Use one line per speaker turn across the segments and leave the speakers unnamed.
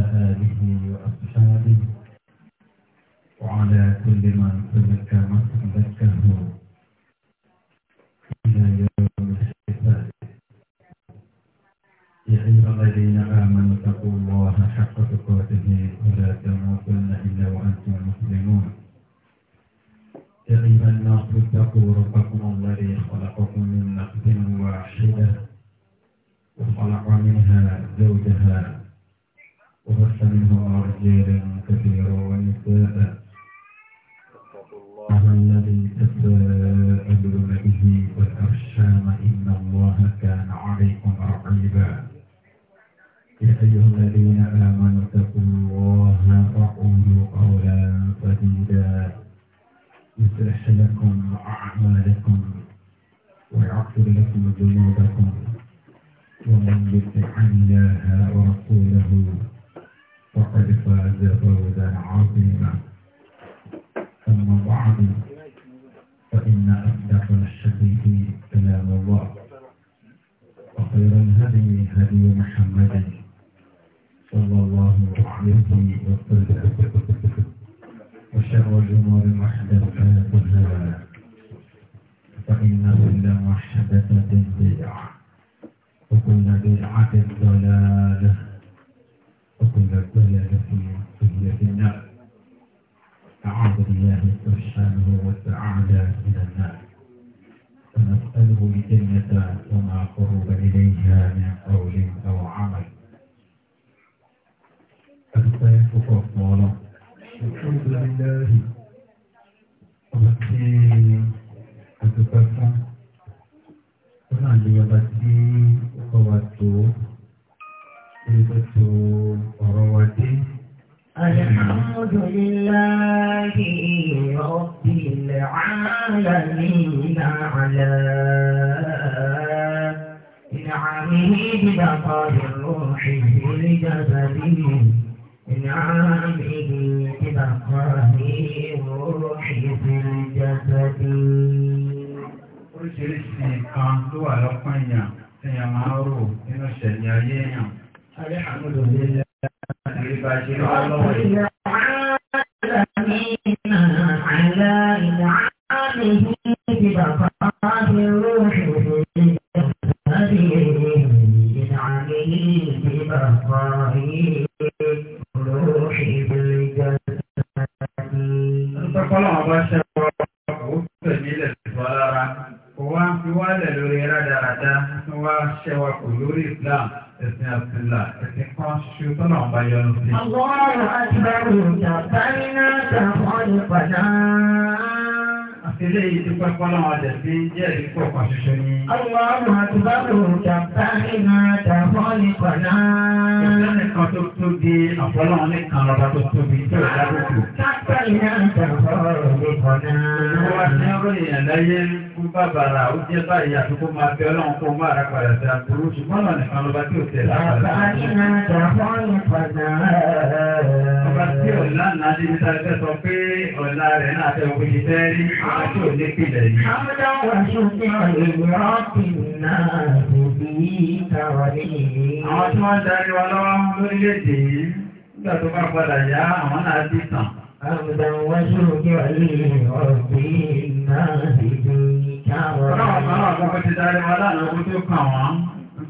وعلى آله وأصحابه وعلى كل من سلك مسلكه oríṣiríṣi nǹkan ló wà lọ́kàn èèyàn èèyàn máa rò nínú ìṣẹ̀lẹ̀ ayé èèyàn dúpẹ́ fọ́nà ọ̀dẹ̀ sí díẹ̀ kan ṣoṣo tó tóbi àfọlọ́ nìkan lọ́ba tó tóbi tí ò dábòkù.
sábà ní àdàmọ́ nìkan
náà. ìwọ́n ti ń ròyìn ẹ̀lẹ́yẹ bàbàrà ó jẹ́ báyìí àti kó máa fi ọlọ́run kó máa ra padà sí àbúrú ṣùgbọ́n náà nìkan lọ́ba tí ò tẹ̀ láàbà. ọba tí ò lánàá débi tá a fẹ́ sọ pé ọ̀la rẹ̀ náà fẹ́ wọ́n ti fẹ́ rí àwọn tí ò ní pìlẹ̀ yìí. àwọn tí wọ́n darí wa lọ́wọ́ lórílẹ̀-èdè yìí nígbà tó bá padà yá àwọn náà dì tàn. عبدا وشكرا ربي ناهدي Ọlọ́run kan náà lọ́kọ́ ti darí wọn lánàá ogun tó kàn wọ́n.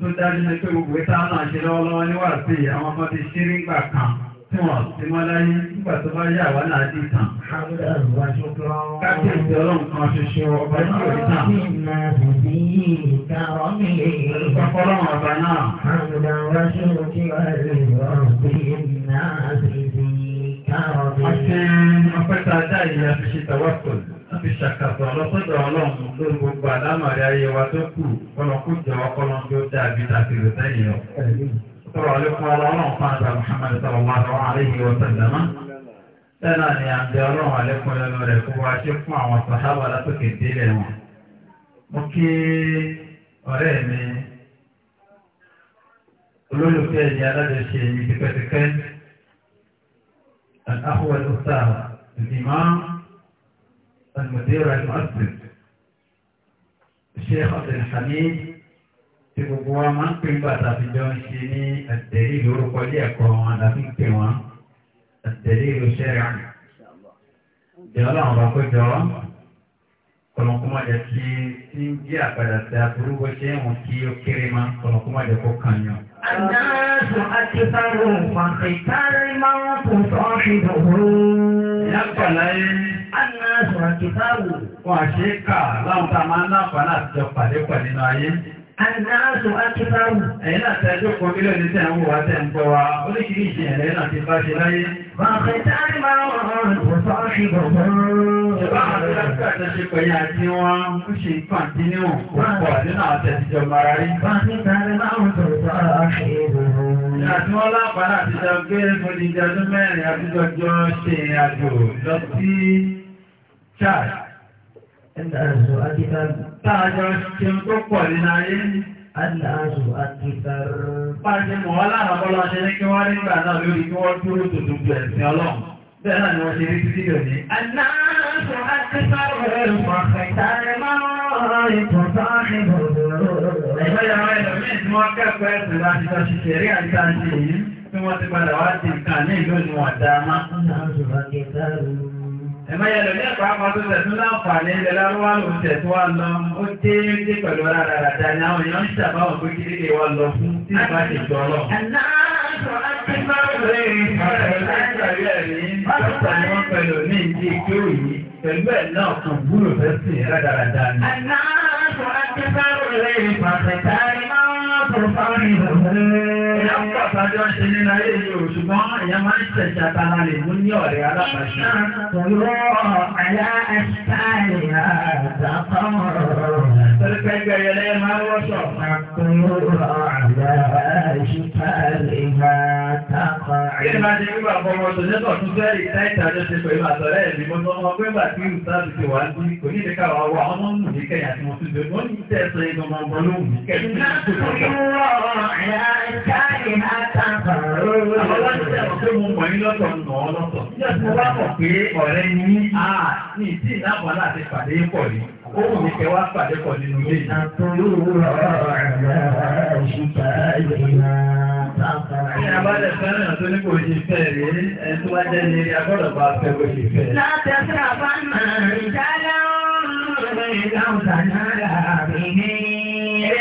Tó dájú ní pé gbogbo ìta náà ṣe lọ́wọ́lọ́wọ́ níwà sí àwọn ọmọ ti ṣírí gbà kan tí wọ́n ti mọ́ láyé nígbà tó bá yà wá náà dì tàn. Kábíyèsí
ọlọ́run kan ṣoṣo ọba tí ò
ní tàn. Ọpọlọ́run ọba náà. Àti ọpẹ́ta dá ìyá fi ṣe tàwákùn àti ṣàkàtọ̀ ọlọ́sọ́dọ̀ ọlọ́run lórí gbogbo àdámọ̀rí ayé wa tó kù kọlọ́kú jẹ́ ọkọlọ́n tó dàbí tàbí rẹ̀ sẹ́yìn lọ. Sọ̀rọ̀ àlékún ọlọ́run fún àgbà Mùhàmmad sallallahu alaihi wa sallam. Tẹ́lá ni à ń bẹ ọlọ́run àlékún lẹ́nu rẹ̀ kó wá ṣe fún àwọn sàhábà látòkè délẹ̀ wọn. Mo kí ọ̀rẹ́ mi olólùfẹ́ المدير المؤسس الشيخ عبد الحميد tí gbogbo wa máa ń pè ń bàtà fi jọ ń ṣe ní àtẹ̀lé lórúkọ ilé ẹ̀kọ́ wọn àti ń pè wọn àtẹ̀lé ló ṣẹ́ra nù. ìjọba làwọn bá kó jọ kọlọ́kùnmájà kí tí ń jí àpàdà sí aburú bó ṣe ń wọ́n kí ó kéré máa ń kọlọ́kùnmájà kó kàn yàn.
Àdáàsù àti sáré òǹfà
kìtáàbù wọn àṣíkà láwọn tá a máa ń láǹfààní àtijọ́ pàdé pẹ̀ nínú ayé. Àdìdáàtò Akítáwù, ẹ̀yìn àti ẹjọ́ kan mílíọ̀nù tẹ́ ń wà tẹ́ ń gbọ́ wa, oríṣiríṣi ẹ̀rẹ́ náà ti bá ṣe láyé. Bàbá máa
ń àti wọn, ó ṣe kọ̀ǹtínú,
gbé fún ìjọdún mẹ́rin àtijọ́ ṣe ìrìn àjò lọ sí Chad, ẹ̀dàzù àtìkàrù. Táàjọ ṣe tó pọ̀ nínú ayé ní ẹ̀dàzù àtìkàrù. Pàṣẹ mọ̀ wá lára bọ́lá ṣe ní kí wọ́n rí gbà náà lórí kí wọ́n dúró tó dùdú ẹ̀sìn ọlọ́run. Bẹ́ẹ̀ náà ni wọ́n ṣe rí títí lónìí.
Ẹ̀dàzù àtìkàrù ẹ̀rù pàfẹ́tà ẹ̀ máa
ń rìn tó sáájú Ẹgbẹ́ yàrá ẹ̀lọ́mí tí wọ́n kẹ́kọ̀ọ́ ẹ̀sìn láti lọ ṣiṣẹ́ rí àríkà ṣe yìí tí wọ́n ti padà wá ti kà ní ìlú ìwọ̀n ẹ̀mọ́ yẹn lò ní ẹ̀kọ́ àpapọ̀ tẹ̀sùn láǹfààní ilẹ̀ lárúwá ló ń tẹ̀sùn wa lọ ó dé dé pẹ̀lú ara rà dá ní àwọn èèyàn ń ṣàbáwọn pé kí lè wa lọ fún tí ì bá ṣe gbọ́ lọ. Pẹ̀lú ẹ̀ náà kan wúlò fẹ́ sí rádaràdá ni. Àná àtúntò àti sáré lè pàṣẹ kárí máa ń tó sáré ń bàbá jọ ṣe nínú ayé yìí o ṣùgbọ́n èèyàn máa ń tẹ̀sí àtàlà lè mú ní ọ̀rẹ́ alábàáṣe. Pẹ̀lú àyà ẹ̀ṣáì àtàkọ́mọ̀. Pẹ̀lú ẹgbẹ̀rẹ̀ máa ń wọ́ṣọ̀. Pẹ̀lú àyà ẹ̀ṣáì àtàkọ́. Kí ni máa ṣe wípé àpò ọmọ tún fẹ́
káàdì àtàkọ̀rọ̀. Àwọn aláṣẹ àwọn pé mo mọ̀ ní
lọ́tọ̀ nà ọ́ lọ́tọ̀. Nígbà tí mo bá mọ̀ pé ọ̀rẹ́ ni mí, a ní ìdí ìdáàbọ̀ láti pàdé pọ̀ ni. Ó wù mí kẹ wá pàdé pọ̀ nínú ilé yìí. Àtúrò ọ̀rọ̀ àgbà òṣùpá ìgbìmọ̀
àtàkọ̀rọ̀. Ní abálẹ̀ fẹ́ràn tó ní
kò ṣe fẹ́ rèé, ẹni tó jẹ́ ní agbọ́dọ̀ bá fẹ́ bó ṣe fẹ́. Látẹ̀sí àbámọ̀ ìdálẹ́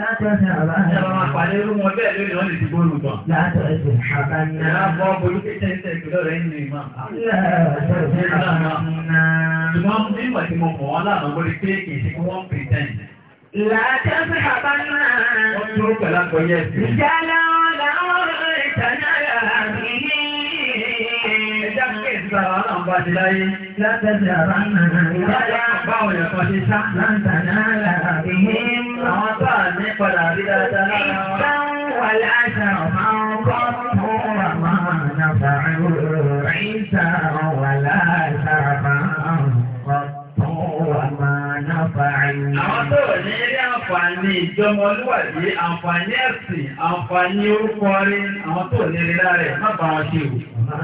Látọ̀sẹ̀ àbáyé. Ṣé máa pàdé irú wọn bẹ́ẹ̀ lórí wọn lè ti gbóòrò gan? Látọ̀sẹ̀ àbáyé. Ṣé máa bọ́ bolú kéṣẹ́ ìṣẹ́ ìpínlẹ̀ rẹ̀ nínú ìmọ̀? Látọ̀sẹ̀ àbáyé. Ṣùgbọ́n nígbà tí mo mọ̀ wọ́n lánàá mo rí pé kì í ṣe kí wọ́n pretend. Látọ̀sẹ̀ àbáyé. Wọ́n dúró pẹ̀lú àgbọ̀yẹ̀ sí. Ìjálá ọ̀la ọ̀rọ̀ ìtàn lára wọn náà bá ti láyé. Látẹ̀sẹ̀ àbá nàá ìdájá báwọn ẹ̀kọ́ ti sá. Láǹtà náà lára ìhé. Àwọn tó à ní padà rí dáadáa lára wọn. Ìgbà wà láṣà máa ń kọ́ fún Àwọn tó ní àǹfààní ìjọmọlúwàdí àǹfààní ẹ̀sìn àǹfààní orúkọ rí àwọn tó nílera rẹ̀ má bá wọn ṣe òkú. àwọn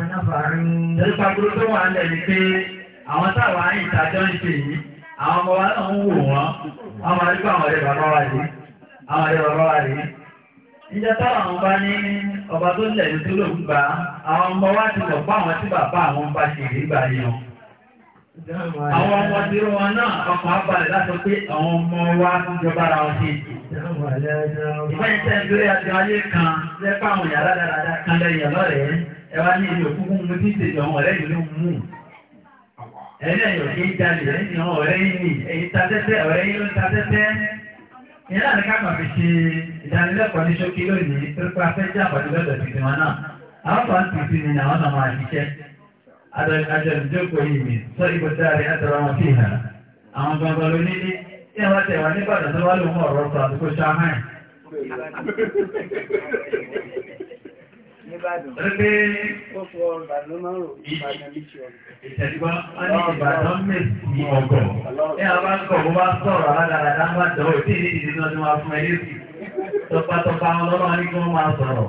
ìtajọ́ ń ṣe yìí àwọn ọmọ wa náà ń wò wọ́n àwọn ọ̀rẹ́ bàbá wa rí àwọn ọ̀rẹ́ bàbá wa rí. ìjọ àwọn bá ní ọba tó lẹ̀ ní tó lòún bàbá àwọn bá ṣe
Àwọn ọmọ tí ó wọn náà ọkọ̀ abalẹ̀
láti pé àwọn ọmọ wa ń jọba ara wọn sí ìdí. Ìfẹ́ ìtẹ́ ìgbérí àti ayé kan lẹ́pà àwọn yàrá dáradára kan lẹ́yìn ọlọ́rẹ̀ẹ́. Ẹ wá ní ilé òkúkú mú ní ìṣèjọ àwọn ọ̀rẹ́ ìlú mú. Ẹ̀yìn ẹ̀yọ̀ kì í jalè, ẹ̀yìn àwọn ọ̀rẹ́ yìí ni, èyí ta tẹ́tẹ́, ọ̀rẹ́ yìí ló ta tẹ́tẹ́. Ìyá ni ká kàn fi ṣe ìdánilẹ́kọ̀ọ́ ní ṣókí lónìí, a fẹ́ àtẹ̀lẹ́dẹ́kọ̀ yìí mi sọ ibò dáre àtẹ̀rọ wọn fi hàn àwọn gbọ̀ngàn ló ní ní ní ẹ̀wọ́n tẹ̀wà nígbàdàn tó wá lóun ọ̀rọ̀ sọ àdúgbò ṣáháìn. Ẹgbẹ́
ìtẹ̀lẹ́gbọ́ wọn
ní Ìbàdàn mẹ́sì ọ̀gọ̀. Ẹ àwọn akọ̀ bó bá sọ̀rọ̀ aládàradà ń bá dọ̀wọ̀ tí ìdí ìdí náà ti máa fún ẹ lé sí. Tọpatọpa ọlọ́run á ní kí wọ́n máa sọ̀rọ̀.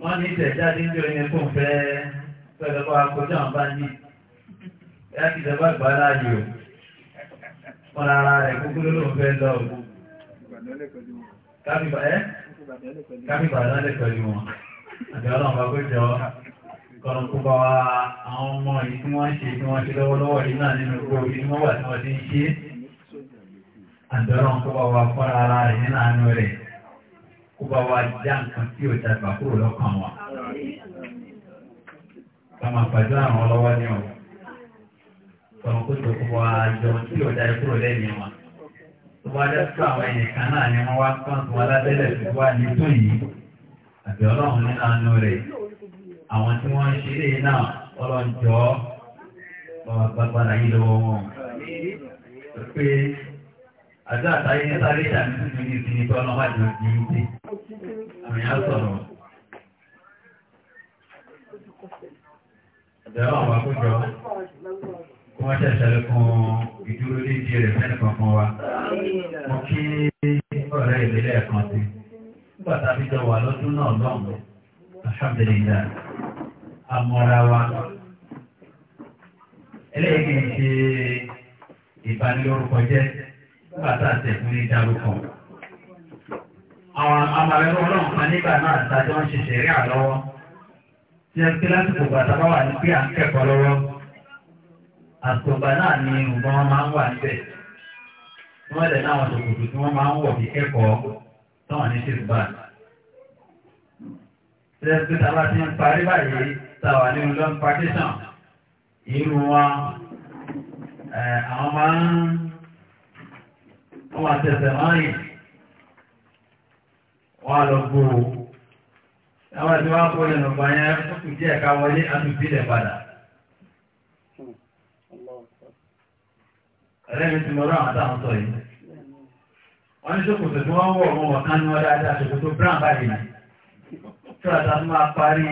wọ́n ní ìtẹ̀jáde ń jọrin ẹkùn fẹ́ pẹ̀lẹ́pọ̀ akọjọ́ kábíbà ẹ́ lálẹ́ pẹ̀lú wọn àti ọlọ́run bá jọ bá wa àwọn ọmọ yìí tí wọ́n ṣe tí wọ́n ṣe lọ́wọ́lọ́wọ́ yìí náà nínú gbogbo yìí wọ́n wà tí wọ́n ti ń ṣe àti ọlọ́run kó bá wa ara rẹ̀ kụba wa já nǹkan tí ò dàgbà kúrò lọ́kàn wa. Kàmá pàdé àwọn ọlọ́wọ́ ní ọ̀rọ̀. Sọ̀rọ̀ kó tó kó tí ò dàgbà kúrò lẹ́yìn wa. Tó bá dẹ́ tó náà ni wọ́n wá kán tó àti àtàyé ní sáré ìdánilójú ní ìsinmi tó ọlọ́wà ní ojú ìdí
àmì á sọ̀rọ̀
ẹ̀rọ àwọn akójọ
kó wọ́n ṣẹ̀ṣẹ̀lẹ̀ kan
ìdúró léjì rẹ̀ fẹ́nìkan kan wa
mo kí ọ̀rẹ́ ìbílẹ̀ kan sí
nígbà tá a fi jọ wà lọ́dún náà lọ́hùn-ún alhamdulillah amọ́ra wa eléyìí kì í ṣe ìbanilórúkọ jẹ́ nígbàtà àtẹ̀kùn ní dárúkọ. Àwọn amàrẹ̀rọ ọlọ́run kan nígbà náà tàbí wọ́n ṣe ṣẹ̀rí àlọ́wọ́. Tí ẹ pé lásìkò bàtà bá wà ní pé à ń ni ìwọ̀n wọn máa ń wà níbẹ̀. Wọ́n lẹ̀ láwọn tí wọ́n máa ń wọ̀ ti ń parí báyìí wọn àwọn máa wọ́n máa tẹ̀sẹ̀ márìn wọ́n á lọ gbòòrò àwọn àti wọ́n á kó yẹn fún kùtì ẹ̀ka wọlé àtúntìlẹ̀ padà. ẹlẹ́mi ti mọ̀rọ̀ àwọn táwọn sọ yìí wọ́n ní ṣòkòtò tí wọ́n wọ̀ wọn ọ̀kan ní wọ́n dáadáa ṣòkòtò brown báyìí náà tí wọ́n tàbí máa parí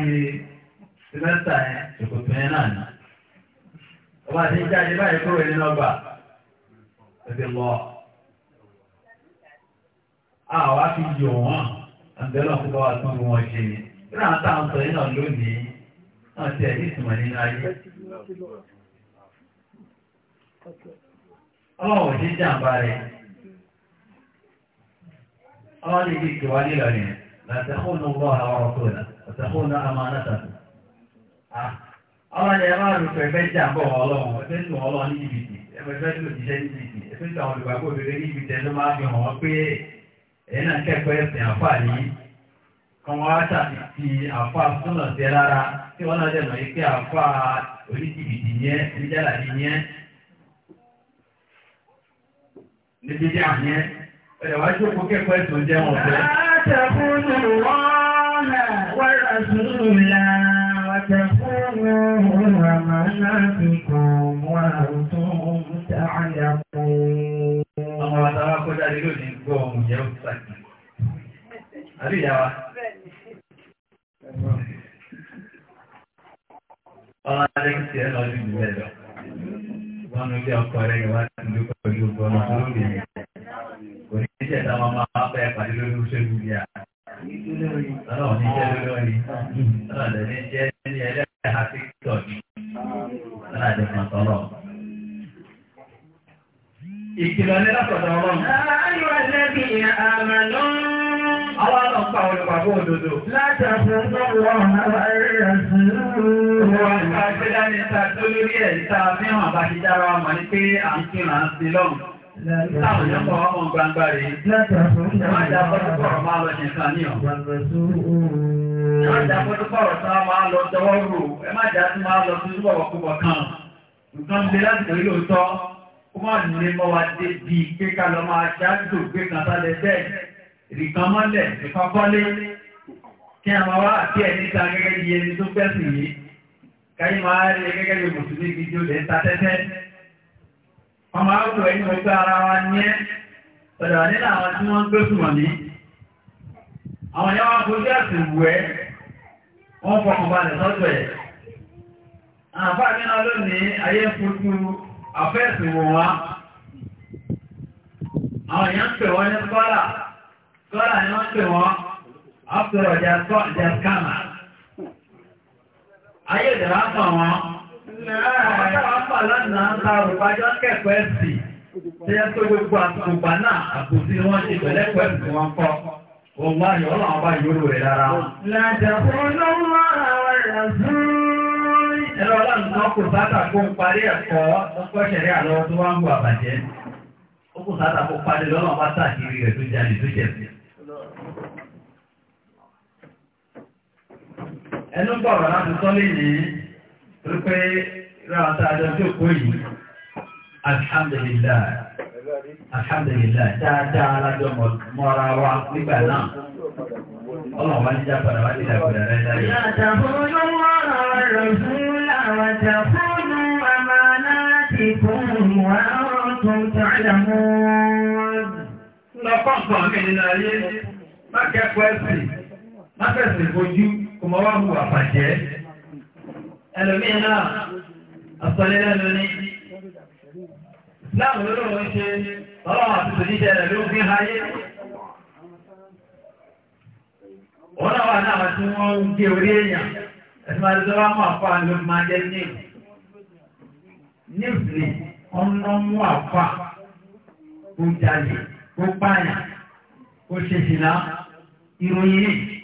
semester yẹn ṣòkòtò yẹn náà nà ọba àti ìjáde báyìí kúrò nínú ọgbà ẹ̀dẹ̀ àwa fi yọ wọn àbẹ̀rẹ̀ ọ̀sẹ̀ káwá ṣe ni tá à ń sọ yín lónìí lónìí náà tẹ̀ ìtumọ̀ nínú ayé. ọlọ́wọ̀ ṣe jàǹbá rẹ̀ ọlọ́wọ̀ ní kí ìkẹwà nílò rẹ̀ làtẹ̀kùnú bọ́ àwọn ọ̀tọ̀ rẹ̀ làtẹ̀kùnú amánátàkù. ọlọ́wọ̀ ẹgbẹ́ tún ní ẹgbẹ́ ní ẹgbẹ́ tún àwọn olùgbàgbọ́ ẹ̀yìn náà kẹ́kọ̀ọ́ ẹ̀sìn àfà yìí kan wá tàbí ti àfà súnà rárá tí wọ́n náà dẹ̀ mọ̀ pé àfà oníjìbìtì yẹn oníjàlá yẹn níbi díà yẹn ẹ̀rẹ̀ wá jókòó kẹ́kọ̀ọ́ ẹ̀sìn jẹ́ wọn fẹ́.
látẹ̀kùnú wọ́n
wọ́n rà sùúrù gbọ́ ọmọ yẹn ń fà ní. Àbí ìyá wa? Ọlá adé ń tiẹ̀ lọ sí ìlú ẹ̀ lọ. Wọ́n nu bí ọkọ rẹ̀ yẹn wá sí ìlú pẹ̀lú ọgbọ́n ọdún lórí rẹ̀. Kò ní jẹ́ táwọn máa bẹ́ẹ̀ pàdé lórí òṣèlú yà. ìgbàgbọ́ òdodo. Látàkùn tó wọ́n náà ẹ̀rẹ́ ẹ̀sìn rú. Wọ́n ń ta ṣẹ́dá ní ta tó lórí ẹ̀ ta fíhàn bá ti dára ọmọ ní pé à ń kí máa ń sin lọ́hùn. Táwọn yẹn kọ́ ọmọ gbangba rèé. Látàkùn tó wọ́n dá fọ́tọ̀kọ̀rọ̀ máa lọ ṣe nǹkan níyàn. Ẹ má jà fọ́tọ̀kọ̀rọ̀ tá a máa lọ tọwọ́ rò. Ẹ má jà tí máa lọ sí ìwọ̀wọ̀ púpọ̀ kan. Nǹkan ń bẹ láti lórí òótọ́. Ó má ìrìkànmọ́lẹ̀ ìfakọ́lé kí a máa wá àti ẹ̀ níta gẹ́gẹ́ bí ẹni tó gbẹ̀sìn yìí káyí máa rí gẹ́gẹ́ bí mùsùlùmí gidi olè ń ta tẹ́tẹ́ ọmọ àwọ̀ ẹ̀yìn ọgbẹ́ ara wa ní ẹ́ ọ̀dọ̀ nínú àwọn tí wọ́n ń gbé sùmọ̀ ní àwọn yẹn wá fojú àsìwò ẹ́ wọ́n fọkàn balẹ̀ sọ́dọ̀ ẹ̀ àǹfà náà lónìí ayé fojú àfẹ́ ìsìnwò wọn àwọn èèyàn ń pè wọ́n ní sọ́là Sọ́ra ni wọ́n pè wọ́n, after all, just come out. Ayé ìdàrá pọ̀ wọn.
Àwọn lọ́nà ta òrùpájọ́
kẹ́kọ̀ọ́ ẹ̀sì tí ẹ tó gbogbo àtùgbà náà àbòsí wọ́n ṣe wọn kọ́. Òun wá yọ̀ ọ́nà ọba rẹ̀ rárá. ẹ̀rọ ọlọ́run kò sáta kó ń parí ẹ̀kọ́ ọkọ̀ àlọ́ tó ẹnu bọ̀rọ̀ láti sọ́lé yìí rí pé ráta àjọ tí ó kó yìí alhamdulilayi dáadáa alájọ mọ́ra wa nígbà náà
ọlọ́run wá jíjà padà wá jíjà padà rẹ̀ dáyé.
lọ́pọ̀ pọ̀ mí nínú ayé má kò mọ́ wá hùwà bàjẹ́ ẹlòmíín náà àsọlélẹ́ lóní láàmù lórí òun ṣe ọlọ́run àti tòníṣẹ́ rẹ̀ ló gbé ayé òun náà wà náà tí wọ́n ń gé orí èèyàn ẹ̀sìn máa tó bá mú àpá ló máa jẹ́ níwù níwù ni wọ́n ń mú àpá kó jalè kó pààyàn kó ṣe ìròyìn nìyí.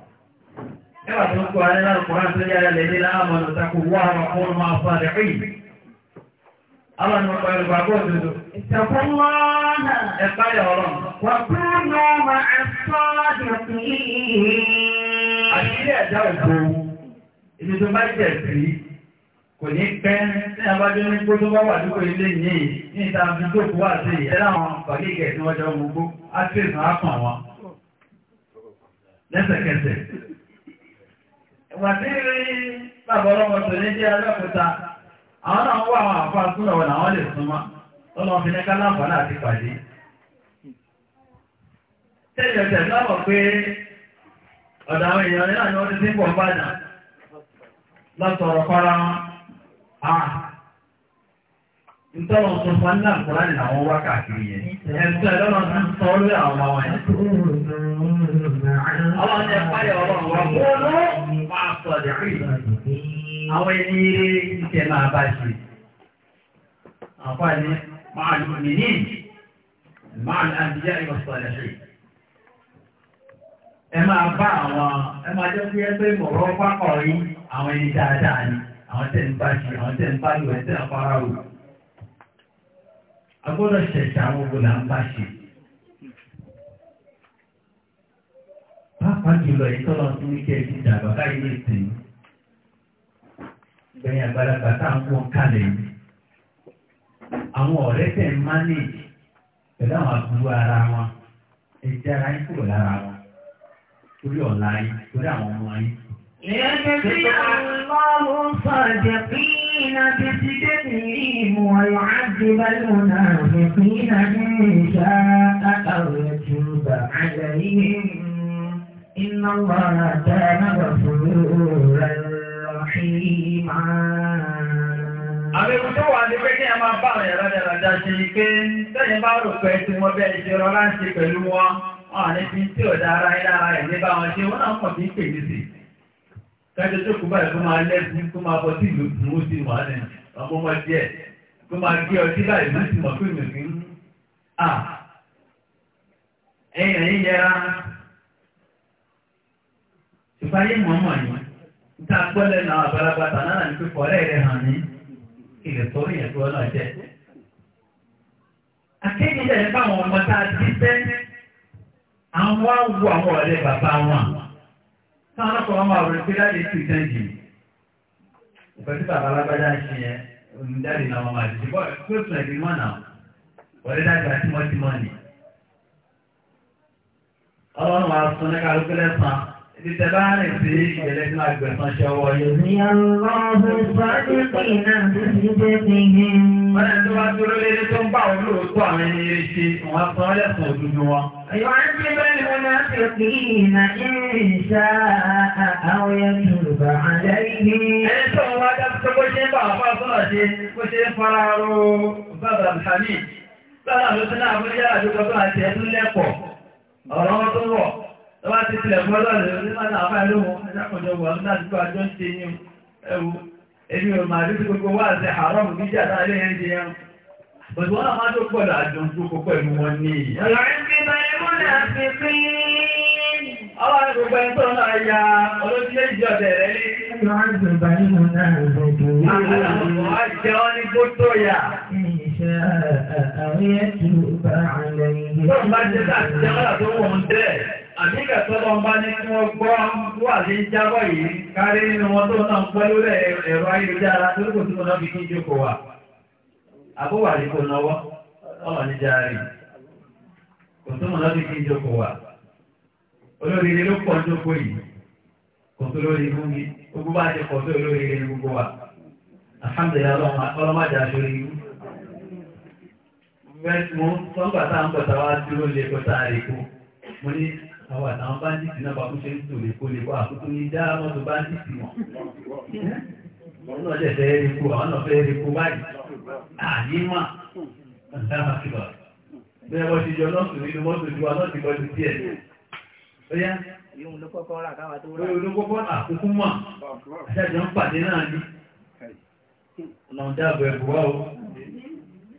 ẹwà tó kọ a lálùkùnrin tó yára lè ní láàmú ọ̀tàkù wà wà fún ọmọ afárẹ̀ rí. Àwọn ọmọ ọmọ ẹgbẹ́ àgbọ̀ òdodo. Ìtẹ̀kùn lọ́nà. Ẹ báyọ̀ ọ̀rọ̀. Wà kúrò máa ń sọ́ọ́dọ̀ sí i. Àṣírí ẹ̀dá òkú. wàtírí lábọ̀lọ́mọ tó ní jẹ́ alákòóta àwọn náà na àwọn àfáà súnà wọn àwọn lè súnmọ́ tọ́lọ́ fi ní kálábà pé èèyàn ni wọ́n ti ń pọ̀ fara wọn ah. Ìtọ́nà ọ̀sán fún Anna Kùrán ní àwọn wákàkiri yẹn. Ẹ̀sùn ẹ̀lọ́nà ti ń sọ lórí àwọn ọmọ wọn. Ọlọ́run ní ẹ̀pá ọlọ́run wá kó ló máa Àwọn ẹni iṣẹ́ máa bá ṣe. Àǹfààní máa lù mí ní máa lù àbíyá ìwọ̀sọ̀ dẹ̀rí. Ẹ máa bá àwọn ẹ máa jẹ́ pé ẹgbẹ́ ìmọ̀ràn rí àwọn ẹni dáadáa ni àwọn tẹ̀ ń bá ṣe àwọn tẹ̀ ń agbọdọ gbọ́dọ̀ ṣẹ̀ṣẹ̀ àwọn ògbò là ń bá ṣe. pàápàá jùlọ ìtọ́lọ́ tó ní kẹ́ ti dàgbà báyìí ní ìsìn gbẹ̀yìn àgbàlagbà tá à ń wọ́n kalẹ̀ yìí. àwọn ọ̀rẹ́ tẹ̀ ń manage pẹ̀lú ara wọn ẹ̀jẹ̀ ara yín kúrò lára wọn torí ọ̀la yín torí àwọn ọmọ yín. بفتنهم ويعذب المنافقين إن شاء أو يتوب عليهم إن الله كان غفورا رحيما. Àbẹ̀wò tó wà ní pé kí ẹ máa bá ẹ̀rọ ẹ̀rọ̀dá ṣe ni pé tẹ́yìn bá rò pé tí wọ́n bẹ́ẹ̀ ṣe rọlá ń pẹ̀lú wọn, wọ́n ní fi tí ò dára ẹ̀ lára wọn ṣe, wọ́n náà pọ̀ sí pèlú sí. kájọ tó kú báyìí kó máa lẹ́bùn kó máa sí ìlú fún ó wà ní ọmọ ọmọ díẹ̀ kó máa gé ọtí báyìí má sì mọ̀ pé mi à yẹra ìfàyè yìí níta gbọ́lẹ̀ náà ní hàn ní ilẹ̀ jẹ́ akéde a ti sáàrọ̀kọ̀ ọmọ àwòrán pé láti ètò ọlọ́run wa sọ ní kálukú lẹ́sàn-án ibi bá rìn sí ìgbẹ́lẹ́ tí ṣe ọwọ́ yìí. ìyàwó ọ̀hún wọ́n náà tó dúró lérí tó ń bá òun lóòótọ́ àwọn ẹni eré ṣe wọ́n sọ ọ́ lẹ́sùn Ìwà ń bí bẹ́ẹ̀ ni máa ń fi kì í na ìrìnsà àwọn
ẹni Yorùbá àjẹ́
ìgbé. Ẹni tó ń wá dájú tó bó ṣe ń bá àwọn fásitì ṣe bó ṣe ń fara ro bàbá Abdulhamid. Bàbá Abdulhamid tó àti èmi ò máa dúdú gbogbo wá àti haram gíjà náà lè yẹn jẹun pẹ̀lú wọn máa tó gbọ́dọ̀ àjọ gbogbo pẹ̀lú wọn ní ọ̀rọ̀
ìgbìmọ̀ ìmúnà fi pín
náà ya olóṣèlú ìjọ bẹ̀rẹ̀ lé Àwọn àjọ ní gbótó yà. Ìṣẹ́ àwọn ẹ̀tù bá àlẹ́ yìí. Tó bá àmìkà tọ́lọ́ bá ní kí wọ́n gbọ́ wà ní jábọ̀ yìí kárí nínú wọn tó náà ń lórí ẹ̀rọ ayélujára tó tí náà fi kí jókòó wà àbúwà kò náwọ́ ní járe kò tó náà fi kí jókòó wà olóríire ló pọ̀ jókòó yìí kò tó lórí mi gbogbo bá ti pọ̀ tó àwọn àtàwọn báńdíìtì náà bá kún ṣe ń tò lè kó lè wá àkókò ní dá mọ́tò báńdíìtì mọ̀ wọn náà dẹ̀ fẹ́ epo àwọn náà fẹ́ epo báyìí àní mà ọ̀dà màkìlọ̀ bẹ́ẹ̀ wọ́n ti jọ lọ́sùn nínú mọ́tò ju wa lọ́sùn kọ́ ju díẹ̀ bóyá ìhun ló kọ́kọ́ rà káwà tó rà ló kọ́kọ́ àkókò mọ̀ àṣàjọ ń pàdé náà ní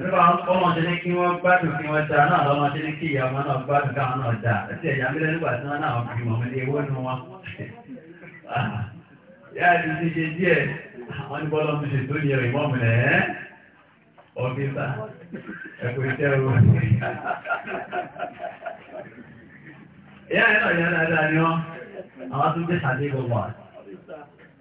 Nígbà ọmọ ṣe ní kí wọ́n gbádùn kí wọ́n dáa náà lọ́mọ ṣe ní kí ìyàwó náà gbádùn káwọn náà dáa. Àti ẹ̀yà mílẹ̀ nígbà tí wọ́n náà fi mọ̀ mí ewó nù wọn. Yá ti ti ṣe díẹ̀, àwọn ní bọ́lá ti ṣètò ní ẹ̀rọ ìmọ̀ mìíràn
Ìyá dáadáa ni wọ́n, àwọn tó
gbé ṣàdé gbogbo àti.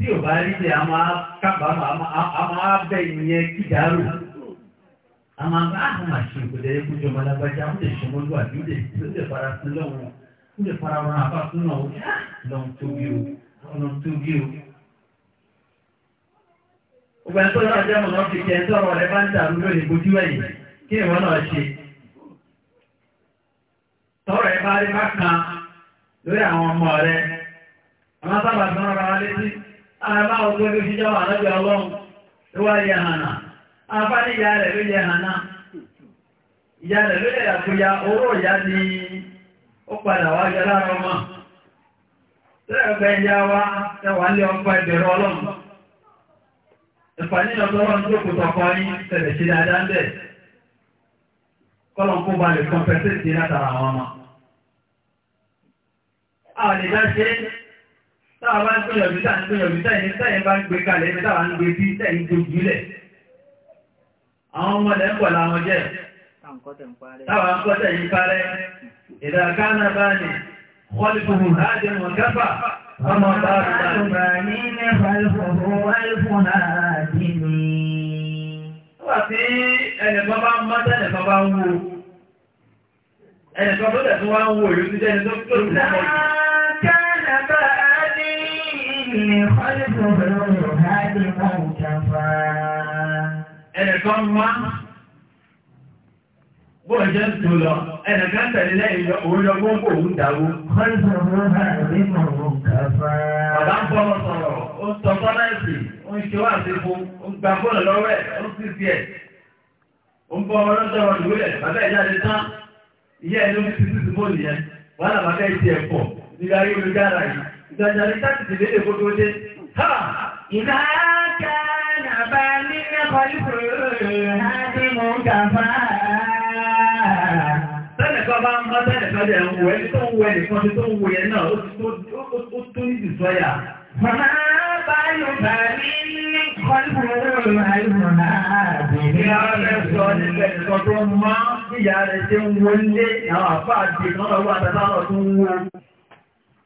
tí ò bá rí bẹ́ẹ̀ a máa kábàámọ̀ a máa bẹ́ ìyẹn kíjàrú a máa bá àwọn màṣẹ òkòdè ẹkú jọmọ alágbájá ó lè ṣọmọlú àbí ó lè fara sí lọ́wọ́ ó lè fara wọn àbá fún náà lọ́n tó bí o lọ́n tó bí o. ògbà tó náà jẹ́ mọ̀nà fi kẹ́ tó ọ̀rọ̀ rẹ bá ń dàrú lónìí bójú ẹ̀yìn kí ìwọ náà ṣe. tọ́rọ̀ ẹ bá rí bá kan lórí àwọn ọmọ rẹ àwọn sábà sọ̀rọ̀ ra wa létí. àbá ọgbẹ́ bí fi jọwọ́ àlọ́bí ọlọ́run ló wá yẹ ya na ní ìyá rẹ̀ ló yẹ hànà ìyá rẹ̀ ló yẹ àkóyá owó ìyá ni ó padà wá jẹ mọ́ wa ọlọ́run ìfàní tọkọ tẹ̀lẹ̀ sí dáadáa ń bẹ̀ látara àwọn ọmọ. táwọn bá ń gbé yọ̀bí táwọn ń gbé yọ̀bí tẹ́yìn tẹ́yìn bá ń gbé kalẹ̀ ibi táwọn ń gbé bí tẹ́yìn dojúlẹ̀ àwọn ọmọdé ń pọ̀ làwọn ní kọ́lùkùrù láti mọ̀ gáfà ọmọ bá rúbà ní mẹ́fà ìfòfò àìfònà àdí ni. wà sí ẹnìkan bá ń mọ́tẹ́ Ẹnìkan máa bóò jẹ́ tó lọ, ẹnìkan wà sí bàbá ìyá ti tán, ìyá yìí ìgbàjà ní ti léde kó dé. ìgbà ká nàbà ní ẹ̀kọ́ láti mú kàfà. Tẹ́lẹ̀kọ́ bá ń bá tẹ́lẹ̀kọ́ jẹ́ ń wo ẹni tó ń wo ẹni kan tó ń wo yẹn náà ó tó ní ìdìsọ́yà. Màmá bá yóò bá ní Ìyá rẹ̀ ṣe ń wọlé àwọn àfáà dì náà wà tàbí ń wo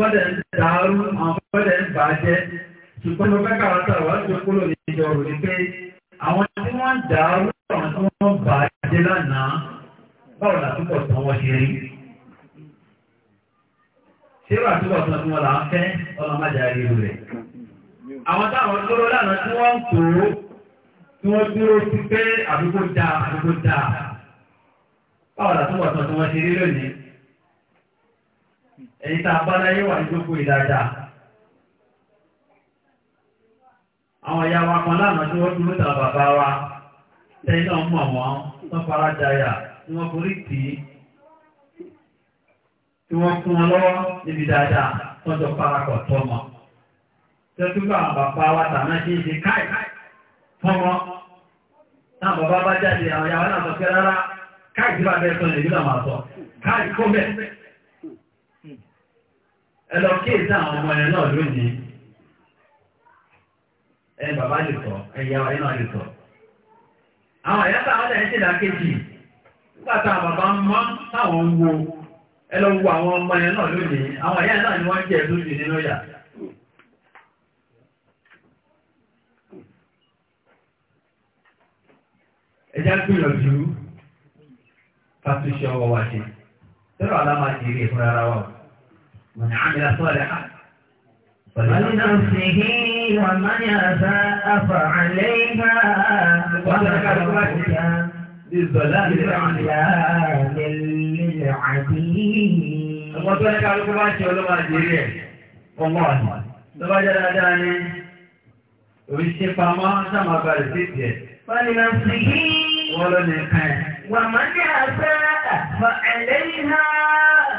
bọ́dẹ̀ ń dàárú àwọn bọ́dẹ̀ ń bàjẹ́ ṣùgbọ́n ló fẹ́ kàràtà wà tí ó kúrò ní ìjọ rò ní pé àwọn tí wọ́n ń dàárú àwọn tí wọ́n ń bàjẹ́ lánàá báwo la túbọ̀ tán wọ́n ṣe rí ṣé wà túbọ̀ tán tí wọ́n là ń fẹ́ ọlọ́mọdé ayélu rẹ̀ àwọn táwọn lóró lánàá tí wọ́n ń kó tí wọ́n dúró sí pé àdúgbò dáa àdúgbò dáa báwo la túbọ̀ tán tí wọ́n ṣe rí lónìí ẹ̀yin tá a bá láyé wà àwọn ìyá wa kan lánàá tí wọ́n dúró ta bàbá wa tẹ́yìn náà mọ̀ wọ́n wọ́n fara jaya tí wọ́n forí tì í tí wọ́n kún wọn lọ́wọ́ níbi dáadáa wọ́n parakọ̀ tọ́mọ. bàbá wa tàná ṣe é ṣe káì náà bàbá bá jáde àwọn ìyá wa ẹlọ kéèsì àwọn ọmọ yẹn náà lónìí ẹ bàbá lè sọ ẹ náà lè sọ. àwọn ẹ̀yà táwọn ẹ̀ ń bàbá táwọn ń wo wo àwọn ọmọ yẹn náà lónìí àwọn ẹ̀yà náà ni wọ́n jẹ́ lójú nínú yà. ẹ من عمل صالحا فلنفسه ومن أساء فعليها ومن بالظلام للعبيد الله تعالى قال لكم ماشي ولا ما ادري والله lọ́wọ́ jẹ́ dáadáa ní oríṣẹ́ sí ìtì ẹ̀. Fọ́nìyà sí yìí. Wọ́n lọ nìkan ẹ̀. Wà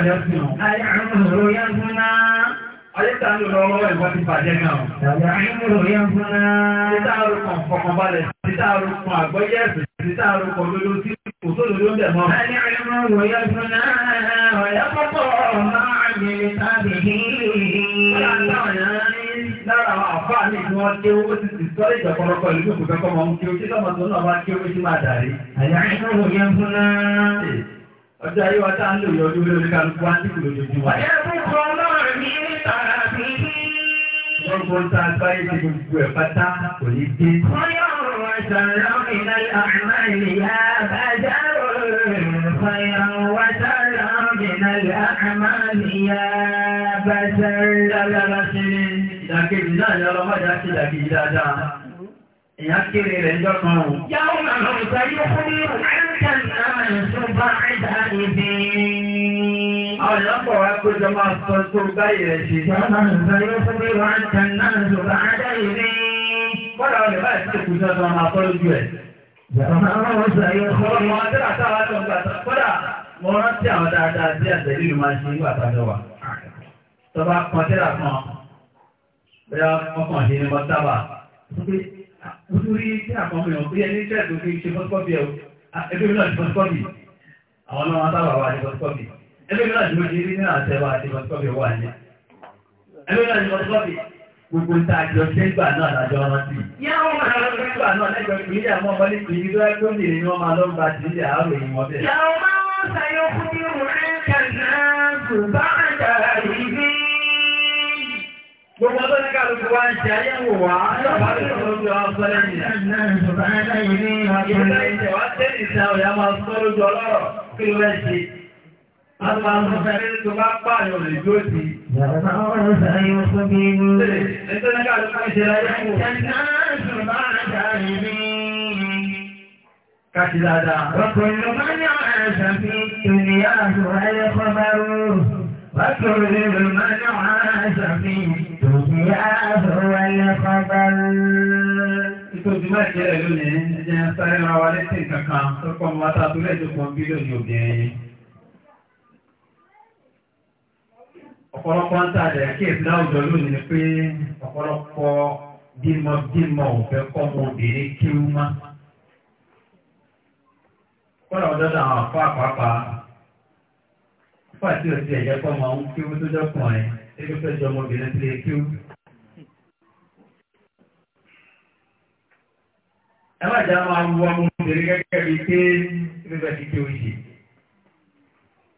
pẹ̀lẹ́ sí wọn. Àyàmùrò yá fúnná. Ayéta ń lọ ọwọ́ ìwọ́n ti bàjẹ́ náà. Àyàmùrò yá fúnná. Títà arúkọ̀ fọkànbalẹ̀, títà arúkọ̀ àgbọ́yẹ̀ ẹ̀sẹ̀, títà arúkọ̀ lóló tí kò tó lóló bẹ̀ mọ́. Àyàmùrò yá fúnná. Ọ̀yà pọ̀pọ̀ máa ń gbèrè tábì lára àwọn àfáà ní ìlú wọn kí ó ti ti sọ́rọ̀ ìjọpọ̀lọpọ̀ ìlú òkùnkẹ́kọ́ mọ̀ ń kí ó kí lọ́mọ tó náà wá kí ó kí máa dàrí. Àyà ìṣòro yẹn fún náà ọjọ́ ayé wa tá ń lò yọ ojú lórí kálukú wá sí kìlódójú wa. ẹ̀bùkù ọlọ́run ní tàrà sí bí. gbogbo ń ta agbáyé ti gbogbo ẹ̀ pátá kò ní dé. wọ́n yọ̀ wọ́n sọ̀rọ̀ ìlà àmà ìyá bàjá خيرا وسرا من الأعمال يا بشر لبشر
لكن لا
يرمى ذاك لكي لا Èèyàn kéré rẹ̀ jọ kan o.
Yàwó màmá ìgbà yóò fún mi àìsàn náà tó bá ẹ̀dá ibi. Ọ̀lọ́pọ̀ wa
kójọ máa sọ tó báyìí rẹ̀ ṣe. Yàwó màmá ìgbà yóò fún mi àìsàn náà tó bá ẹ̀dá ibi. Bọ́lá ọ̀rẹ́ báyìí sí ìkùsọ́ tó máa fọ́ lójú ẹ̀. Yàwó màmá ìgbà yóò fún mi àìsàn náà tó bá ẹ̀dá ibi. Kódà mo rántí àwọn dáadáa sí àtẹ̀lé ìlú máa ṣe nígbà tá a lọ wà. Tọ́ba kan tẹ́lá kan, bẹ́ẹ̀ ọkàn ṣe ni mo sábà nítorí tí àkọ́mọ èèyàn bí ẹni tẹ́ẹ̀ tó fi ṣe fọ́síkọ́bì ẹgbẹ́ mi náà ti fọ́síkọ́bì àwọn ọmọ àtàwà wa ti fọ́síkọ́bì ẹgbẹ́ mi náà ti mọ̀jì rí náà tẹ́wà àti fọ́síkọ́bì wà ní ẹgbẹ́ mi náà ti fọ́síkọ́bì gbogbo ń ta àjọ ṣe ń gbà náà lájọ ọmọ sí yàrá Gbogbo Ọkùnrin
ló máa ń yọ àṣà fi ìrìn àṣọ
ayẹ́kọ́ bá وكل من عاش في الدنيا هو الخبر Ìtòjú mẹ́jẹ rẹ̀ lónìí, ẹjẹ́ sáré ra wa létí kankan tó pọ̀ mọ́ látàtú lẹ́jọ́pọ̀ Ọ̀pọ̀lọpọ̀ ń tàdẹ̀ kí láwùjọ lónìí ni pé ọ̀pọ̀lọpọ̀ bímọ bímọ ò kọ́ mọ obìnrin kí ó má. Kọ́lá ọ̀dọ́dọ̀ àwọn àfọ́ àpapàá fún àti òsì ẹ̀jẹ̀ pọ̀ máa ń kí ó tó jọkùnrin ebi tó jọ ọmọbìnrin tó yẹ kí ó. ẹ má jà máa wọ ọmọbìnrin gẹ́gẹ́ bíi pé ebi bẹ́ẹ̀ ti kí ó yìí.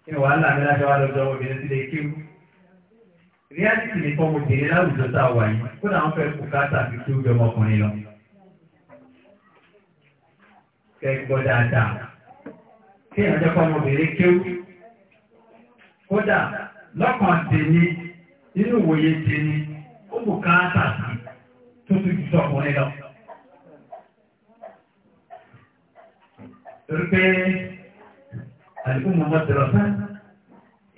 ní wàhálà mi láti wá lọ́jọ́ ọmọbìnrin tó yẹ kí ó. ríálítì ní fọ́ ọmọbìnrin láwùjọ tá a wà yìí kó náà ń fẹ́ kó káàtà fi kí ó bí ọmọkùnrin lọ. kẹ́ gbọ́ dáadáa kí ìrìnàjò fọ́ ọmọbìnrin kí ó kódà lọ́kàn tèmi inú ìwòye tèmi ó bù káàtà sí tó tún jù sọkùnrin lọ. torí pé àdúgbò mọ́mọ́ dọ̀rọ̀ fún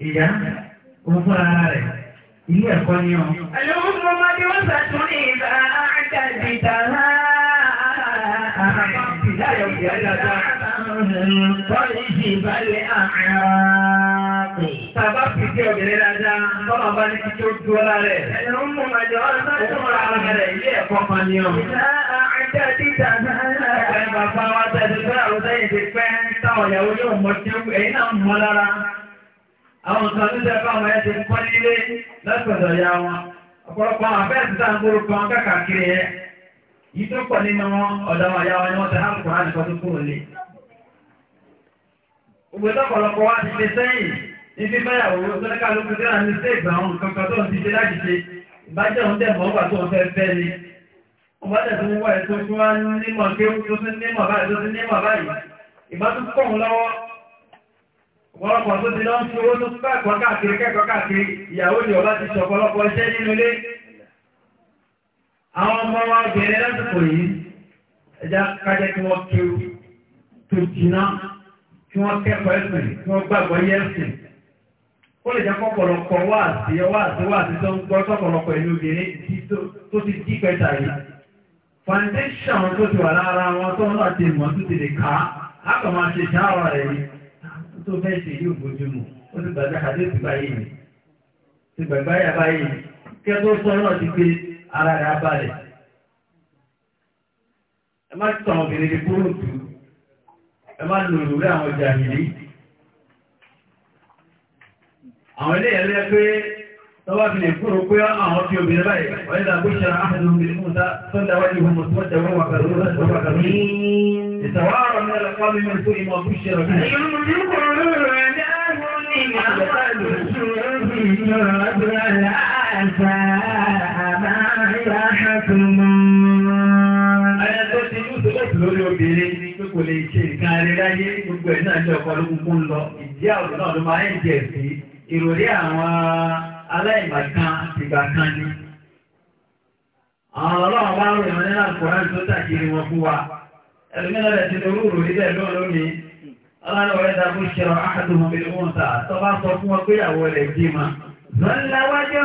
ìyá òun fúnra rẹ̀ ilé ẹ̀kọ́ ni ọ. àlùkò mọ́mọ́dé wọ́n ṣàtúnlé ìgbà àjàdì tààrà. àbáǹtì láyọ̀ ìyá dáadáa. kọ́ ìṣèbálẹ̀ àárá tàbá fìdí obìnrin dáadáa tọ́lọ̀ bá ní kíkí ó dúró lárẹ̀. ẹ̀rọ mú màjọ ọ̀rọ̀ rẹ̀ ilé ẹ̀kọ́ ni ọ. Ẹ̀jẹ̀ títà náà. Ẹ̀jẹ̀ bàbá wa tẹ̀sí fún àwọn sẹ́yìn ti pẹ́ táwọn ìyàwó yóò mọ̀ tí ẹ̀yin náà mọ̀ lára. Àwọn nǹkan tó jẹ́ báwọn ẹ̀ ti pọ́n nílé lọ́sọ̀dọ̀ ya wọn. Ọ̀pọ̀lọpọ̀ àwọn afẹ́sì tá à ń gbórúkọ wọn kákàkiri ẹ̀. Yìí tó pọ̀ nínú wọn ọ̀dọ̀ wọn ya wọn ni wọ́n ti ibi báyàwó sọ́dẹ́ká ló fi dára ní sí ìgbà àwọn kankan tó ń ti ṣe láti ṣe ìbájẹ́ òun dẹ̀ mọ́ wà tó ń fẹ́ fẹ́ ni ọba dẹ̀ tó ń wà ètò tí wọ́n nímọ̀ pé ó tún nímọ̀ báyìí tó tún nímọ̀ báyìí ìbá tó kọ̀ ń lọ́wọ́ ọ̀pọ̀lọpọ̀ tó ti lọ́ ń fi owó tó kẹ́kọ̀ọ́ káàkiri kẹ́kọ̀ọ́ káàkiri ìyàwó ni ọba ti ṣe ọ̀pọ̀lọpọ̀ iṣẹ́ nínú ilé àwọn ọmọ wa obìnrin lásìkò yìí ẹja kájẹ́ kí wọ́n kéwù tó jìnnà kí wọ́n kẹ́kọ̀ọ́ ẹ̀sìn kí wọ́n gbàgbọ́ yẹ́sìn ó lè jẹ́ pọ̀pọ̀lọpọ̀ wá àti ọwá àti wá àti tó ń gbọ́ sọ́pọ̀lọpọ̀ ìlú obìnrin tó ti dí pẹ́ta yìí foundation tó ti wà lára wọn tó ń láti mọ̀ tó ti lè ká látọ̀ máa ṣe ṣáwà rẹ̀ yìí tó fẹ́ ṣe yóò bójú mu ó ti gbàgbé àdé ti báyìí ni ti gbàgbé àyà báyìí kẹ́ tó sọ náà ti gbé ara rẹ̀ abalẹ̀ ẹ má tàn àwọn ilé ẹ̀lẹ́ pé tọ́wọ́ fi lè kúrò pé àwọn fi obìnrin báyìí wọ́n yíla bó ṣe àmàdùn obìnrin fún ta tó dáwájú ohun tó wọ́n tẹ̀wọ́ wà pẹ̀lú ọ̀pọ̀ pẹ̀lú ìtàwọ́ àrọ̀ ní ọlọ́pàá mímọ̀ kò lè ṣe nǹkan aríráyé gbogbo ẹ̀ náà ní ọkọ̀ olókùnkùn lọ ìdí àwọn náà ló máa sí ìròrí àwọn aláìmọ̀kan ìgbà kan ni. àwọn rò tó tàkiri wọn fún wa ẹlòmínà rẹ̀ ti lórí ìròrí bẹ́ẹ̀ lóun lónìí ọlọ́run na dàbò ṣẹ̀rọ àádùnmọ̀ bí wọ́n ta tó bá sọ fún wọn pé ìyàwó rẹ̀ jí ma. Zọ́nlá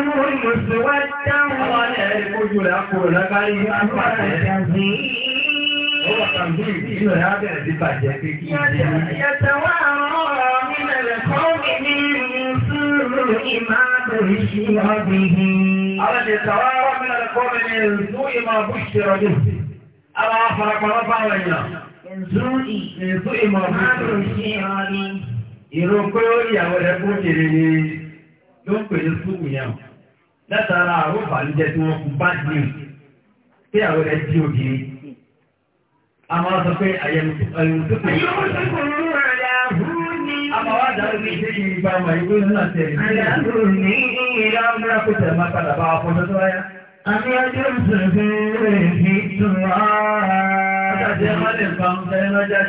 mú ìmùsùn wá dáhùn. Ọlọ́run ní ẹ̀rí kójú rẹ̀ á kúrò lágbárí àpàtẹ́.
Ó wà tàbí ìjú rẹ̀ á bẹ̀rẹ̀
sí bàjẹ́ pé kí ìjẹ́ mi. Yàtọ̀ lẹ̀lẹ̀
المرء ما بشر به على يتوارى
من القوم من السوء ما بشر به على آخر قرب علينا
من سوء من سوء ما بشر به
ìrókó àwọn rẹ̀ jí ògiri a máa sọ pé rẹ̀ àmọ́ wá dàrú bí ṣe yìí bá ọmọ ìwé náà tẹ̀. àdàlù ní ìyá ọmọdé kò tẹ̀ máa padà bá ọkọ̀ tó tó wáyá. àmì ọjọ́ ìṣòro fi tún wá. ọjọ́ ìṣòro fi tún wá. ọjọ́ ìṣòro fi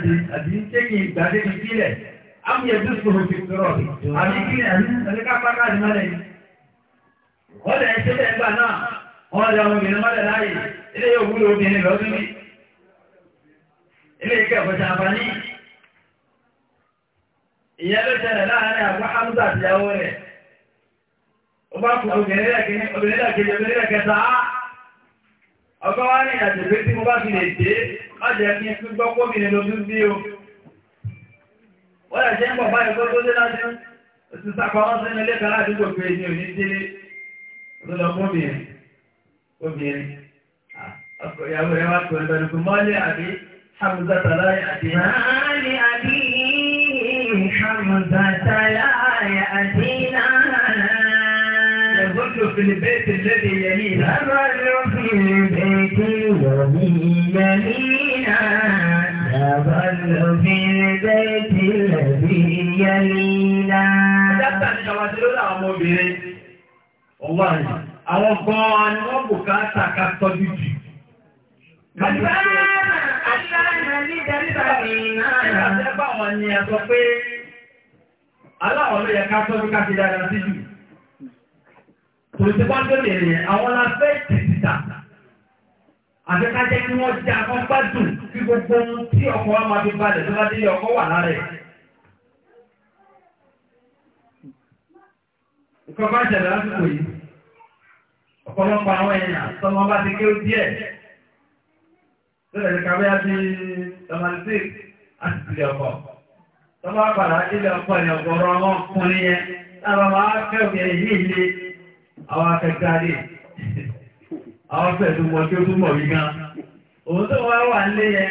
tún wá. àbí kílẹ̀ àti kápákà ní mọ́lẹ̀ yìí. ọ̀dà ẹ̀ṣẹ́ bẹ́ẹ̀ gbà náà wọ́n lọ obìnrin mọ́lẹ̀ láàyè ilé yóò wúlò obìnrin lọ́dún ní ilé ìkẹ́ ọ̀pọ̀ ìyẹn ló ṣẹlẹ̀ láàrin àbú hamza àtìyàwó rẹ̀ ó bá kú obìnrin lẹ́kẹ̀ẹ́ obìnrin lẹ́kẹta ọgbọ́n wá ní ìyàtọ̀ pé tí mo bá fi lè dé má jẹ́ kí n gbọ́ gómìnà lójú bí o wọ́n lè ṣe ń bọ̀ báyìí kó tó dé lájú ó ti sàkọ́rọ́ sínú ilé kan láti gbogbo èmi ò ní délé ó lọ obìnrin ìyàwó wá pẹ̀lú mọ́lẹ̀ àbí hamza tàlàyé àti hàn. مفتلا يأتينا الظل في البيت الذي يلينا الظل في البيت الذي يلينا الظل في البيت الذي يلينا Dábàá ni àwọn tí ló láwọn ọmọbìnrin, ọwọ́ gan-an ni wọ́n bùkátà ká tọ́jú jù. Kàdúrà
àti láàrin àti ìdarí náà. Ìgbà tẹ́ wọn ni a pé
Ala ló yẹ ká tọ́jú ká ti dára sí jù kò sí pàtó lèèyàn àwọn la fẹ́ tìtìtà àti ká jẹ́ gbogbo ohun tí ọkọ̀ wa máa fi balẹ̀ wà lára ẹ̀. nǹkan bá ṣẹlẹ̀ lásìkò yìí ọ̀pọ̀lọpọ̀ àwọn èèyàn tọ́mọ tọ́bá padà sílẹ̀ ọ̀pọ̀ ni ọ̀gọ̀rọ̀ wọn fún ní ẹ lábà máa fẹ́ obìnrin yìí ilé àwọn akẹ́kẹ́ àwọn pẹ̀lú wọn tí ó túnmọ̀ yí gan òun tó wá wà nílé yẹn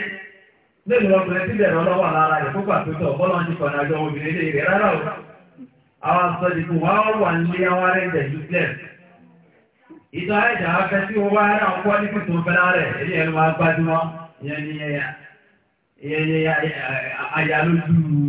lẹ́nu ọkùnrin sílẹ̀ lọ́lọ́wọ́ lára rẹ̀ fún pàtótọ̀ bọ́lọ́n ti kọ̀nà àjọ obìnrin lè rẹ̀ rárá o àwọn àtọ́jìkù wá wà nílé àwọn arẹ́jẹ̀ ju sílẹ̀ ìtọ́ àìjà afẹ́ tí ó wá rẹ̀ àwọn wọ́n nípò tó ń fẹ́ lára rẹ̀ èyí ẹnu máa gbájúmọ́ ìyẹn ni àyà lójú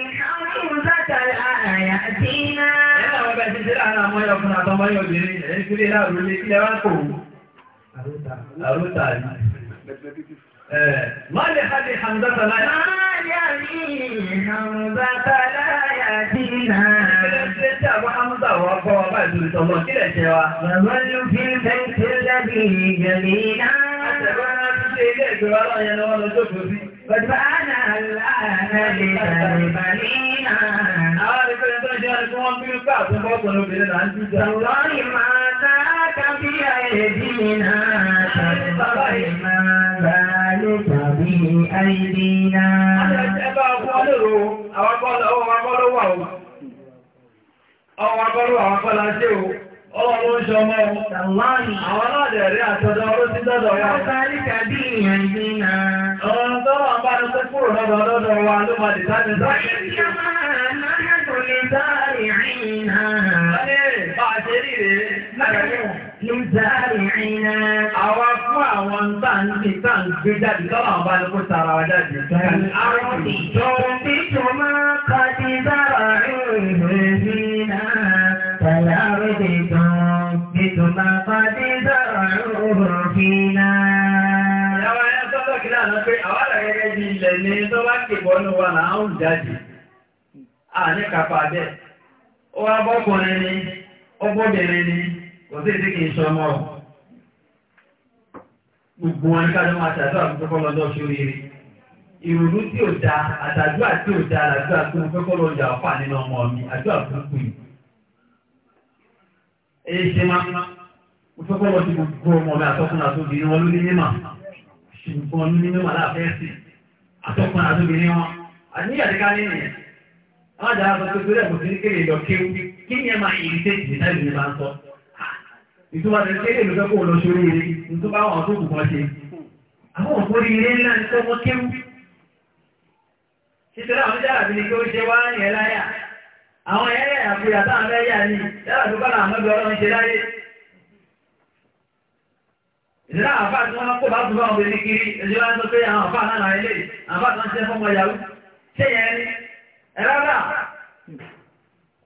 فتى يأتينا Ẹ̀rọ àwọn ẹgbẹ́ títí láàárín àwọn ẹyọ fún àtọmọ yóò bèèrè ìrìnkúlé láàrú ilé ilẹ̀ wá kò àrútà ní. Máa lè hàbí Hamzata láyé. Máa lè hàbí Hamzata láyé àti náà. Ìpínlẹ̀ tí ó jẹ́ àwọn Hamza wọ́n kọ́ ọba ìdúrítọ̀ mọ́ kílẹ̀ ṣe wa. Bàbá ló fi ń bẹ́ẹ̀ tí ó dábì ìjẹ̀lì náà ìgbèrò ọlọ́run yẹn lọ́wọ́ lọ́jọ́ tó sí. Bàtà àná àlàáhà lè bàlè bàlè Àwọn àdìgbẹ́ni tó ń jẹ́ ẹni tí wọ́n bínú pé àtúntò ọkùnrin obìnrin là ń dúdú. Lọ́ọ̀rì máa dá kábí àìdí mi náà. Bàbá yìí máa bá lè àwọn bọ́ọ̀lù àwọn bọ́ọ̀lù Ọlọ́run ṣe ọmọ ìtàwárí àwọn aládẹ̀rẹ́ àtọ́dọ̀ ọ̀rọ̀ sí lọ́dọ̀ wa. Ọ̀sárí kàbí ìyànjú náà. Ọ̀rọ̀ tó máa dì sáàdì sáàdì. Ìjọba الأرض تنبت Àwọn ẹ̀rẹ́ ilẹ̀ ní tó bá ní jáde. À ní bẹ́ẹ̀. Ó wá ni, ó ni, kò sí Gbogbo wọn máa ṣàdúrà fún lọ́jọ́ rí. Ìrònú tí ò da, àtàdúrà tí ò da, àdúrà tó ń lọ́jọ́ mi, àdúrà èyí ṣe máa mo fẹ́ kọ́wọ́ tí gbogbo ọmọ mi àtọkùnrin àtobìnrin wọn ló ní mímọ̀ ṣùgbọ́n ní mímọ̀ láàfẹ́ sí àtọkùnrin àtobìnrin wọn àníyàn ti ká ní nìyẹn wọn àjà sọ pé pé lẹ́kọ̀ọ́ sí ní kéde ìlọ kéwú kí ni ẹ máa yìí ṣe ìdí náà ìdí máa ń sọ ìtumọ̀ àti kéde ìlú fẹ́ kó o lọ sórí ire nítorí àwọn tó kù kan ṣe àwọn òkú rí ire ńlá ní sọ́wọ́ kéwú títí láwọn jáde àbí ni kí ó ṣe wá yẹn láyà àwọn ẹ̀rẹ́ àfihàn táwọn fẹ́ yà ní lẹ́wọ̀n tó kọ́lá àwọn ọmọdé ọlọ́run ṣe láyé ìdílé àwọn àfáà tí wọ́n kó bá tún bá wọn lè kiri èdè wọn sọ pé àwọn àfáà náà náà ilé àfáà tó ń ṣe ọmọ yahoo ṣé yẹn ni ẹ̀rọ náà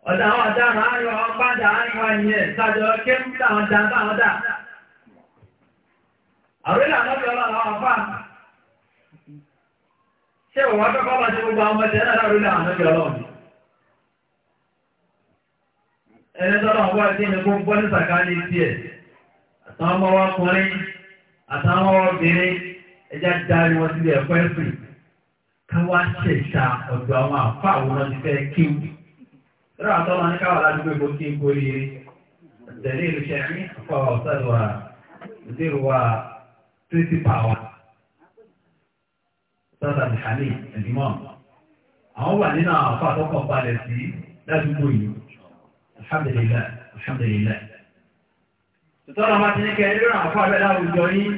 ọ̀dà àwọn ọ̀dà àwọn àárín wọn bá dà àárín wọn yẹn táwọn dà táwọn dà
àwọn ilé àwọn ọlọ́run ẹni tọ́lọ̀ wà tí ní gbogbo ní sàkálì sí ẹ̀ àtàwọn ọmọ ọkùnrin àtàwọn obìnrin ẹjá darí wọn sílẹ̀ ẹ̀kọ́ ẹ̀sìn káwá ṣẹ̀ṣà ọ̀dọ̀ àwọn àfa àwọn fẹ́ ní káwá ládùúgbò ìbò kí n tẹ̀lé ìlú wa wa sọ́dà àwọn wà nínú àwọn alhamdulillah alhamdulillah. tòtọ́rọ̀ máa ti ní kẹ́ ẹ̀rọ àwọn afọ́abẹ́ láwùjọ yín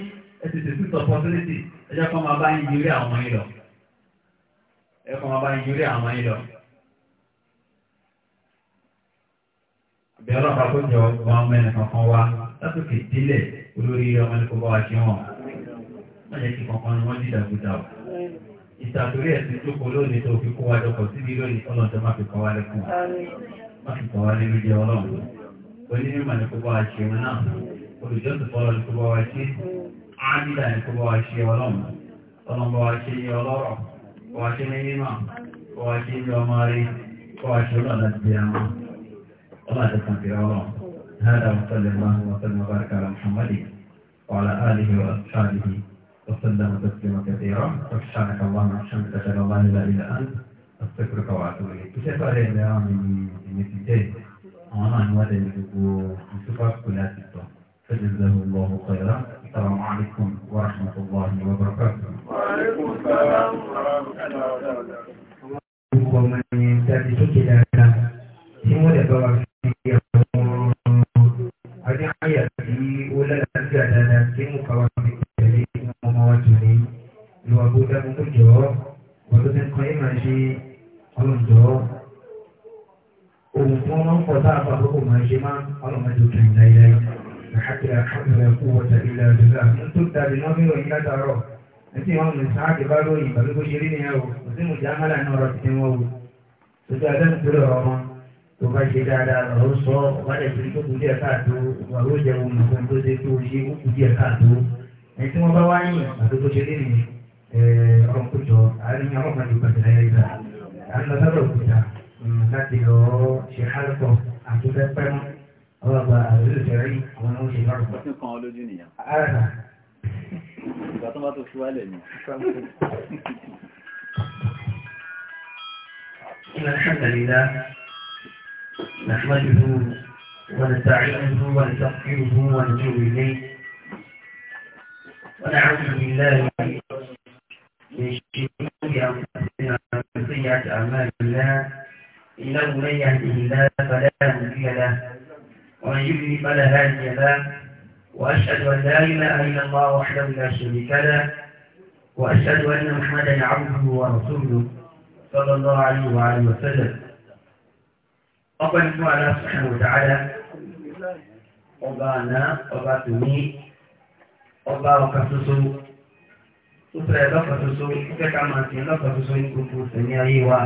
ẹ̀sìn tètè tó opportunity ẹjọ́ kan máa bá yín yorí àwọn yín lọ. ẹjọ́ kan máa bá yín yorí àwọn yín lọ. bẹ̀rọ àpapọ̀jọ wọn mẹ́rin kankan wá látòkè délẹ̀ olórí ọmọ ní kò bá wa ṣe wọn. wọ́n yẹ kí kankan ni wọ́n dìdàgbò dà wọ́n ìṣàtúrí ẹ̀sì jókòó lónìí tó fi kó wa jọkọ̀ síbi lónìí ọlọ́dọ̀ má fi kọ́ wa lẹ́kùn má fi kọ́ wa lẹ́nu jẹ ọlọ́run onímọ̀ ní kó bá wa ṣe wọn náà olùjọ́sìn fọlọ́ ní kó bá wa ṣe ánídà ní kó bá wa ṣe ọlọ́run ọlọ́run bá wa ṣe ní ọlọ́rọ̀ bá wa ṣe ní mímọ̀ bá wa ṣe ní ọmọ rí bá wa ṣe ọlọ́dà ti bẹ̀rẹ̀ wọn ọlọ́dà ọlọ́run هذا وصلى الله وسلم وبارك على محمد وعلى آله وسلم تسليما كثيرا سبحانك اللهم وبحمدك اشهد ان لا اله الا انت استغفرك واتوب اليك كيف هذا اليوم من من انا انواد ان يكون فجزاه الله خيرا السلام عليكم ورحمه الله وبركاته وعليكم
السلام ورحمه الله وبركاته
ومن تاتي تكلا هم ولا بوابه lu àgbo dákun kó jọ ọ́ wọ́n tó ti ń kọ́ yín máa ṣe ọlọ́njọ́ ohun tí wọ́n máa ń pọ̀ tá a fa àkókò máa ṣe máa ọlọ́mọdé òkè ìdáyẹ àkàkìlà àkàkìlà kú wọ́tà ilẹ̀ àdúrà tó dàbí wọ́n bí òyìn látàárọ̀ ẹtí wọn mú sáàkì bá lóyìn pàbí bó ṣe rí nìyẹn o kò sí mùjá mọ́là náà ọ̀rọ̀ títí wọn o tòtí adẹ́nu tó lọ ọmọ tó bá ṣe dáadáa lọ́wọ́ sọ wálé tó tó kù díẹ̀ káàtó wà ló jẹ́ ohun nǹkan tó ṣe tó ṣe ó díẹ̀ káàtó ẹtí wọn bá wáyìn àti bó ṣe rí nìyẹn ọlọ́kùnjọ àárín ọlọ́kùnjọ pẹ̀lú ẹ̀yẹ́dà àlọ́sọ̀rọ̀ òkúta láti lọ ṣe hálùkọ àtúntẹ́ pẹ́mú ọlọ́gba àlùsẹ̀rí àwọn oúnjẹ náà. wọ́n ti kàn ọ́ lójú nìyẹn. ara ìgbà tó bá tó fi wálẹ̀ ni. إن الحمد لله نحمده ونستعينه ونستغفره ونتوب إليه ونعوذ بالله سيئة أعمال الله إنه من يهده الله فلا مضل له ومن يضلل فلا هادي له وأشهد أن لا إله إلا الله وحده لا شريك له وأشهد أن محمدا عبده ورسوله صلى الله عليه وآله وسلم أقبل الله سبحانه وتعالى أبانا أبا ọba أبا ọba ó fẹ́ lọ́kàn ṣoṣo fẹ́ ká máa tẹ̀ lọ́kàn ṣoṣo ní gbogbo tẹ̀mí ayé wa.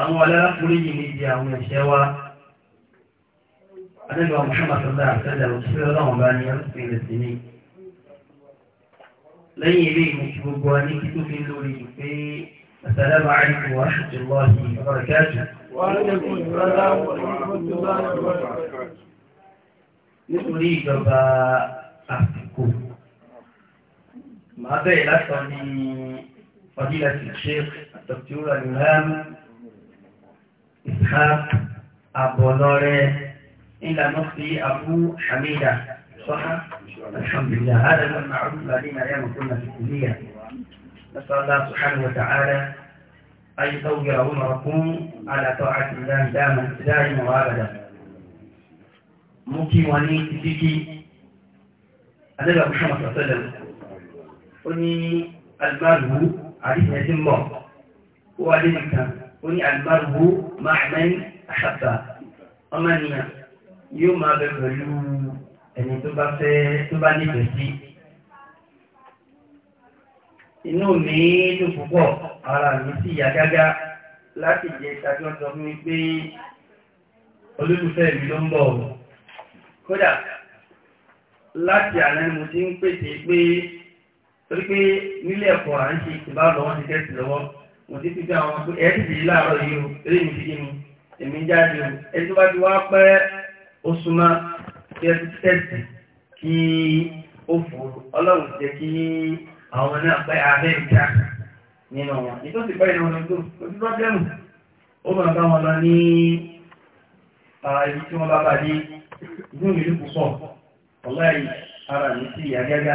àwọn alákùnrin yìí ní ibi àwọn ẹ̀ṣẹ̀ wa adébọ̀ Muhammad sọ́dá àtẹ́lẹ̀ òṣìṣẹ́ ọlọ́run bá ní ọlọ́sìn rẹ̀ sí ni. lẹ́yìn eré ìmọ̀ tí gbogbo wa ní kí fi lórí pé Assalamu alaykum wa rahmatullahi wa barakatuh. Wa Nítorí ìjọba àsìkò مع ذلك فضيلة الشيخ الدكتور الإمام إسحاق أبو نوري إلى مفتي أبو حميدة صح؟ الحمد لله هذا من معروف الذين أيام كنا في الكلية نسأل الله سبحانه وتعالى أن يطور عمركم على طاعة الله دائما دائما وأبدا ممكن وني تفيكي أنا محمد صلى الله عليه وسلم ó ní albaru àdìsẹ́ tí ń bọ̀ ó wá dé nìkan ó ní albaru mahmed asaba ọmọ nìyà yóò máa bẹ pẹ̀lú ẹni tó bá fẹ́ tó bá nífẹ̀ẹ́ sí inú mi dùn púpọ̀ ara mi sì yá gágá láti jẹ ìtàkì ọ̀sán fún mi pé olólùfẹ́ mi ló ń bọ̀ kódà láti àná mo ti ń pèsè pé torí pé nílé ẹ̀kọ́ à ń ṣe ìbá lọ wọ́n ti tẹ́sì lọ́wọ́ mo ti fi bí àwọn pé ẹ̀ẹ́dì yìí láàárọ̀ yìí o eré mi ti yé mi èmi jáde o ẹni tó bá ti wá pẹ́ oṣù náà kí ẹ ti tẹ́sì kí ó fò ọlọ́run jẹ́ kí àwọn náà pẹ́ abẹ́ ìta nínú wọn ìtọ́sí pẹ́ ìnáwó lọ́dún kò sí pọ́blẹ́mù ó máa bá wọn lọ ní ibi tí wọ́n bá bàjẹ́ inú púpọ̀ ọ̀la yìí ara mi sí ìyá gágá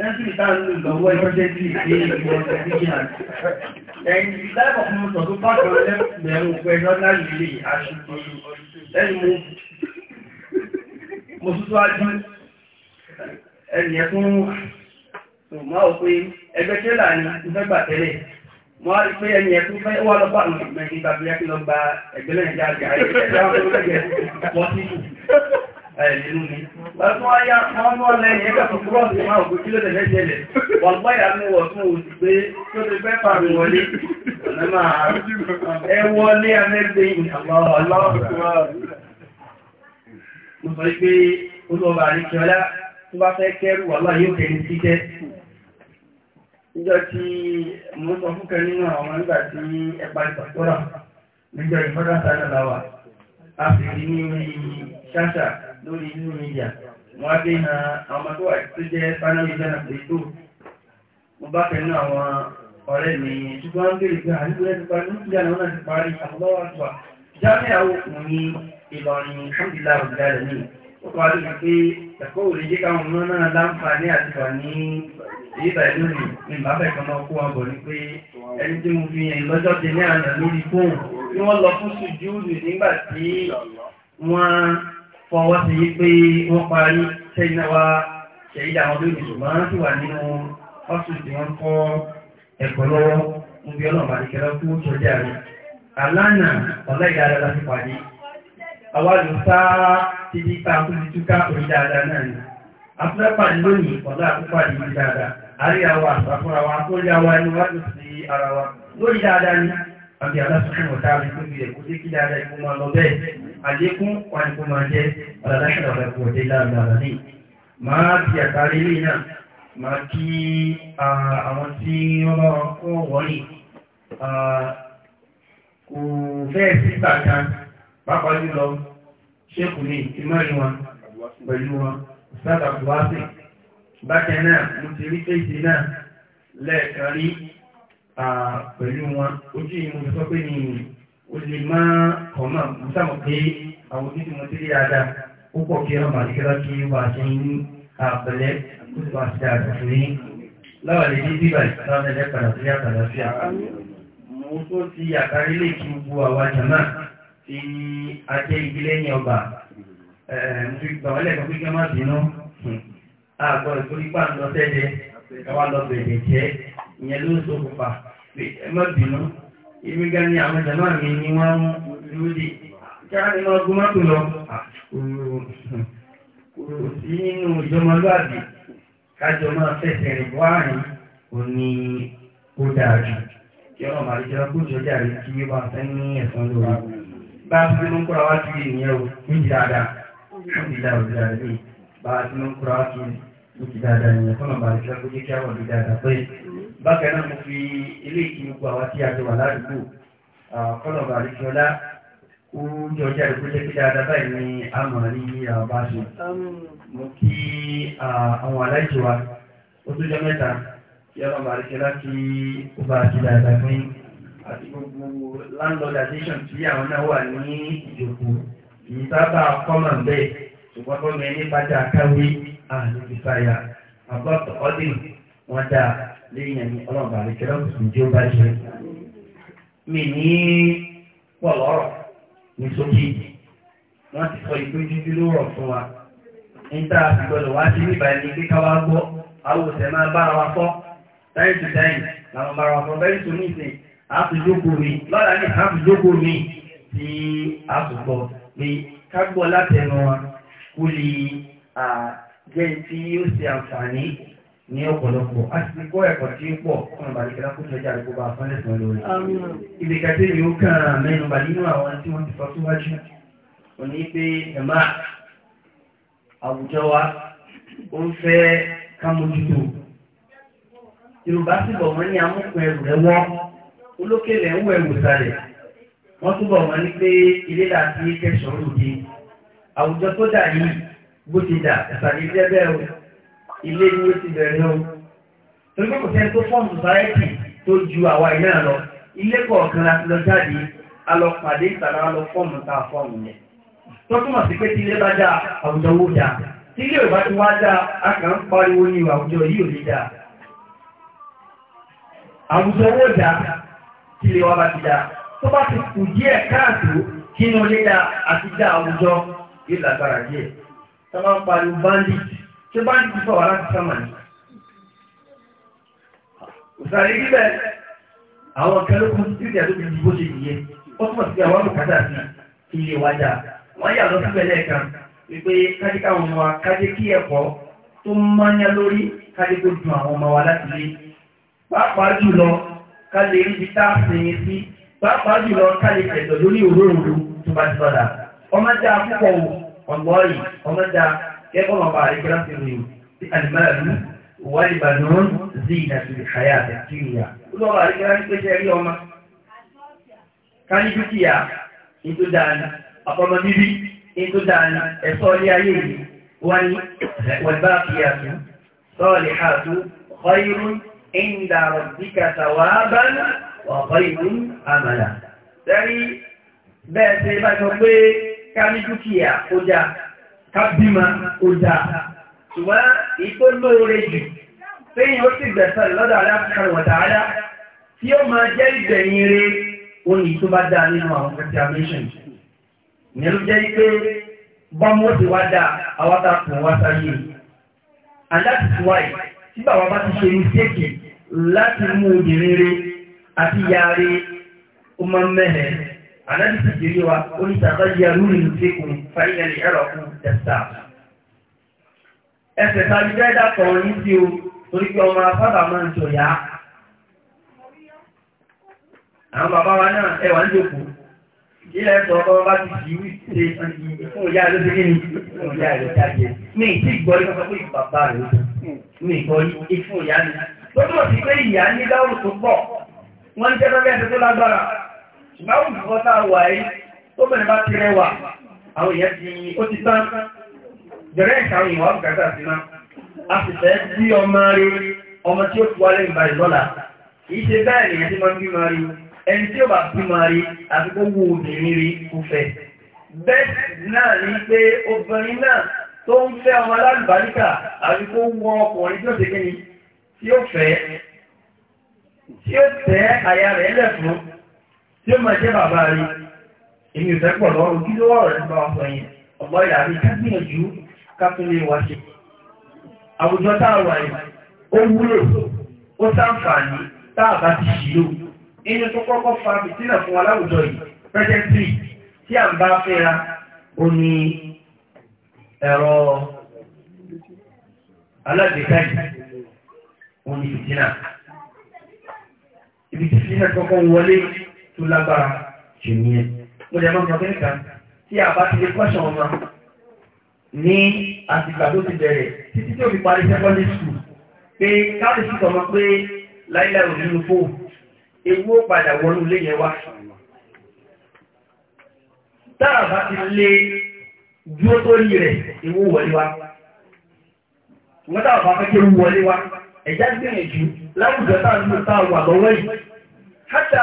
Every time is the word emergency is was sufficient. And the type of motor to pass on left them were not really actually. Then move. Mo tún wájú ẹni ẹkún máa ò pé ẹgbẹ́ tírélà ni mo fẹ́ gbà tẹ́lẹ̀. Mo á rí pé ẹni ẹkún fẹ́ wà lọ́pàá àwọn ìgbẹ́ nígbà bí lọ gba ẹgbẹ́ lẹ́yìn ẹ̀ẹ̀dínú ni. Wọ́n tún wáyá àwọn ọmọ lẹ́yìn ẹgbẹ́ tó kúrọ̀ sí máa ògùn kí ló tẹ̀lé jẹ́lẹ̀. Wọ́n gbọ́ ìyá mi wọ̀ fún òsì pé tó ti fẹ́ fà mí wọlé. Ọ̀nà máa ẹ wọlé amẹ́gbẹ́ Mo sọ pé olóòbà àríkíọlá tó bá fẹ́ kẹ́rù wàlá yóò kẹ́ ní títẹ́. Níjọ́ tí mo lórí inú mídíà wọ́n á gbé na àwọn ọmọ tó wà tó jẹ́ fánáwì jẹ́nà pé tó mo bá kẹ́nu àwọn ọ̀rẹ́ mi ṣùgbọ́n ń bèèrè pé àníkú rẹ̀ ti parí ní ìyá náà ti parí àbúlọ́wọ́ àtúwà jáde àwọn òkùn ní Ìlọrin alhamdulillah ọ̀gá rẹ̀ ní ó kọ́ àdúgbò pé ẹ̀kọ́ ò lè jẹ́ káwọn ọmọ náà láǹfààní àti wà ní
ìyíbà ìlú rẹ̀ ní bàbá ẹ̀kan máa kó wọn bọ̀ ní pé ẹni tí mo fi yẹn lọ́jọ́ ti ní àná lórí fóònù tí
wọ́n lọ fún sùjúùdù nígbà tí wọ́n fọwọ́ sí pé wọ́n parí sẹ́yìn náà wá ṣẹ̀yìn àwọn olóyìn ṣùgbọ́n tí wà nínú ọ́sùn tí wọ́n kọ́ ẹ̀kọ́ lọ́wọ́ ń bí ọlọ́mọ àdìkẹ́lọ́ kú sọ́jà rẹ̀ àlànà ọ̀lá ìdára láti pàdé àwádùn sáà ti di ta kú ti túká orí dáadáa náà ni afẹ́pàdé lónìí ọ̀lá àkúpàdé orí dáadáa àrí àwa àfúnra wa tó rí àwa ẹnu wájú sí ara wa lórí dáadáa ni àbí aláṣọ fún ọ̀tá rẹ̀ tó fi ẹ̀kú sí kí dáadáa ikú máa lọ bẹ́ẹ̀ àlékún wà ní kó máa jẹ́ ọ̀làdáṣọ̀rọ̀ ọ̀lẹ́kùn òde láàgbàlá ní máa ti àtàrí ilé náà máa kí àwọn tí wọ́n bá wọn kún ọ̀wọ́ ní kò fẹ́ẹ̀ síta kan pápá jùlọ ṣéèkù ní ìmọ̀rin wọn pẹ̀lú wọn sábà buhari bákan náà mo ti rí fèsì náà lẹ́ẹ̀kan rí pẹ̀lú wọn ojú ìmọ̀ sọ pé ní o lè má kọ̀ọ̀mà mùsàmù pé àwọn títí mo ti rí ada ó pọ̀ kí ọmọ àdìgẹ́lá kí wà ṣe ń àpẹlẹ ó sì máa ṣe àtúnṣe ní láwà lè ní bíbà ìsìláwọn ẹlẹ́ padà sí àtàlà sí àpá mo tó ti àkárí lè kí gbogbo àwa jàmá tí a jẹ́ ìgbélẹ́yìn ọba mo fi gbà wọ́n ìwé ga ni àwọn ìjàmà mi ni wọ́n ń lóde káàkiri lọ gún mọ́tò lọ kòrò sí nínú ìjọmọlúàbí kájọ máa fẹsẹ̀ rìn bọ́ àárín òní ó dáa jù kí ọ̀nà màlúùjọ kó jọjà rí kí ó bá fẹ́ ní ẹ̀sán lórí bá a fún kúrò wá sí ìyẹn o ní ti dáadáa ní ti dáadáa ní dáadáa bá a fún kúrò wá sí ní ti dáadáa ní ẹ̀kọ́ náà bá a fẹ́ kó kí bákan náà mo fi ilé ìkíni gbogbo àwọn tí a jọ wà ládùúgbò kọlọ̀bà àríṣọlá ó jẹ́ ọjọ́ àdúgbò jẹ́ pé dáadáa báyìí ni a mọ̀ ní àbá ṣe mo kí àwọn aláìṣọ wa ó tó jẹ́ mẹ́ta kí ọlọ́bà àríṣọlá kí ó bá ṣe dáadáa fún yín àti gbogbo landlord association tí àwọn náà wà ní ìjòkó yìí sábà kọ́mọ̀ bẹ́ẹ̀ ṣùgbọ́n bọ́mọ ẹni bá dáa káwé àti ìfàyà àbọ̀tọ̀ ọ́dìn wọn dáa lẹ́yìn ẹni ọlọ́run bàbá ìkẹlẹ́ òkùnkùn tí ó bá ṣe mí ní pọ̀ lọ́rọ̀ ní sókè wọ́n ti sọ ìpín dídí ló rọ̀ fún wa níta àtìgbọ́dọ̀ wá sí níbàá ẹni pé káwá gbọ́ àwòsẹ̀ máa bára wa fọ́ táyì tó táyì làwọn bára wa fọ́ bẹ́ẹ̀ tó ní ìsìn àtúndókòó mi lọ́la ní àtúndókòó mi tí a tó gbọ́ pé ká gbọ́ látẹnu wa kó lè jẹ́ tí ó ṣe àǹfààní ní ọ̀pọ̀lọpọ̀ a ti kọ́ ẹ̀kọ́ tí ó pọ̀ fún ìbàdíkẹ́lá kó tẹ́jà rẹ̀ kó bá fún ẹ̀sùn lórí. ìgbèkàtẹ́ yìí ó kàn án mẹ́nu bà nínú àwọn tí wọ́n ti sọ síwájú ò ní pé ẹ̀má àwùjọ wa ó ń fẹ́ kámojútó yorùbá sì bọ̀ wọ́n ní amúkùn ẹrù rẹ̀ wọ́n olókèlè ń wọ ẹrù sàlẹ̀ wọ́n túbọ̀ wọ́n ní pé ilé láti kẹsàn-án ilé ìwé ti bẹ̀rẹ̀ náà torí pé kò sẹ́ni tó fọ́ọ̀mù sọ́sáyẹ́tì tó ju àwa iná lọ ilé kọ̀ọ̀kan láti lọ jáde alọ́pàdé ìtàlá lọ fọ́ọ̀mù tá a fọ́ọ̀mù yẹn tó túmọ̀ sí pé tí ilé bá dáa àwùjọ wó dáa tí ilé ò bá ti wá dáa a kàn ń pariwo ní àwùjọ yìí ò ní dáa àwùjọ wó dáa tí ilé wa bá ti dáa tó bá ti kù díẹ̀ káàtó kí inú ilé dáa àti dáa àwùjọ yóò díẹ̀ tó bá ń pariwo bandit ṣe bá ń ti sọ̀rọ̀ láti sọ́mà ní. òsàlẹ̀ níbẹ̀ àwọn kẹlẹ́kùn tí ó jẹ́lú bíi bó ṣe nìyẹn ó túmọ̀ sí àwọn àbùkátà sí ilé wájà wọ́n yà lọ síbẹ̀ lẹ́ẹ̀kan wípé kájí káwọn ọmọ wa kájí kí ẹ̀kọ́ tó máyá lórí kájí tó dùn àwọn ọmọ wa láti lé pàápàá jùlọ kájí rí bíi táàsìn sí pàápàá jùlọ kájí ẹ̀tọ́ lórí òróòrò tó bá ti sọ̀dà ọmọ dáa púpọ̀ ọ̀gbọ́n yìí ọmọ dáa kẹ́kọ̀ọ́ ọba àríkẹ́lá ti rìn sí àdìmọ́lẹ̀lú wà ìbànúrún sí ìdàtí ìhàyà àti ìyà olóòwà àríkẹ́lá ní pẹ́ṣẹ́ rí ọmọ ká ní dúkìá ní tó dáa àpamọ́ bíbí ní tó dáa ẹ̀sọ́ ilé ayé yìí wà ní wẹ̀bá kìíyàtú sọ́ọ̀lì hàtú khayrun inda rabbika thawaban wa khayrun amala sẹ́rí bẹ́ẹ̀ ṣe bá sọ pé ká ní dúkìá ó dáa kábímà ó dáa ṣùgbọ́n ìtò lóore jù fẹ́yìn ó sì gbẹ̀sẹ̀ lọ́dọ̀ aláàkàrùn ọ̀dáadá tí ó máa jẹ́ ìgbẹ̀yìn rẹ̀ ó ní tó bá dáa nínú àwọn contamination nílùú jẹ́ pé bọ́mú ti wá dáa àwátà kù wá sáyé and that is why tí bàbá bá ti ṣe mistake láti mú obìnrin rẹ̀ àti ìyá rẹ̀ ó máa mẹ́rẹ̀ẹ́ ànábì sì jèrè wa ó ní tàbá yí arúgbó ní ìṣègùn fàyínà ní ẹ̀rọ fún tẹ̀sítà. ẹsẹ̀ tàbí jẹ́ dàpọ̀ ní sí o torí pé ọmọ afábà máa ń jọyà. àwọn bàbá wa náà ẹ wà ń jòkó ilẹ̀ ẹ̀sọ̀ ọkọ̀ bá ti sì wí ṣe fún ìyá ló ti kíni fún ìyá ló ti àjẹ. mi ìtì ìgbọ́rí kan sọ pé bàbá rẹ̀ mi ìgbọ́rí fún ìyá mi. lọ́dún ọ̀sìn pé ìyá ní dáwọ́ tó pọ̀ wọ́n ń tẹ́ lọ́gẹ́sẹ̀ tó lágbára ṣùgbọ́n àwọn ìgbọ́ tá a wà yìí tó bẹ̀rẹ̀ bá ti rẹwà àwọn èèyàn ti ó ti tán bẹ̀rẹ̀ ìkàwọn ìwà bùkátà sí náà a sì fẹ́ bí ọmọ rí ọmọ tí ó ti wálé ìgbà ìlọ́la kìí ṣe bẹ́ẹ̀ nìyẹn tí máa ń bí máa rí ẹni tí ó bá bí máa tẹ́ àyà rẹ̀ lẹ̀ tí ó máa jẹ́ bàbá rí èmi ò fẹ́ pọ̀ lọ́rùn kí ló wà rẹ̀ bá wọn sọ yẹn ọ̀gbọ́n ìyá rí ká gbìyànjú ká tún lè wá ṣe àwùjọ tá a ó wúlò ó ṣàǹfààní tá a bá ti ṣìlò inú tó kọ́kọ́ fa bìtínà fún wa láwùjọ yìí pẹ́jẹ́ntì tí à ń bá fẹ́ra ó ní ẹ̀rọ alágbèéká yìí ó ní bìtínà ibi tí bìtínà kọ́kọ́ wọlé tó lágbára jù ní ẹ̀. Mo jẹ́ mọ́mọ́ kẹ́kẹ́ tí a bá ti lè kọ́ṣọ̀ ọmọ ní àtìgbà tó ti bẹ̀rẹ̀ títí tí ó fi parí secondary school pé káàdì sí ọmọ pé láìláì òní ló fò ewu ó padà wọnú ilé yẹn wá. Táà bá ti lè dúró tó rí rẹ̀ ewu wọlé wá. Wọ́n táà bá fẹ́ kí ewu wọlé wá. Ẹ̀já gbìyànjú láwùjọ táà ń lò táà wà lọ́wọ́ yìí. Hátà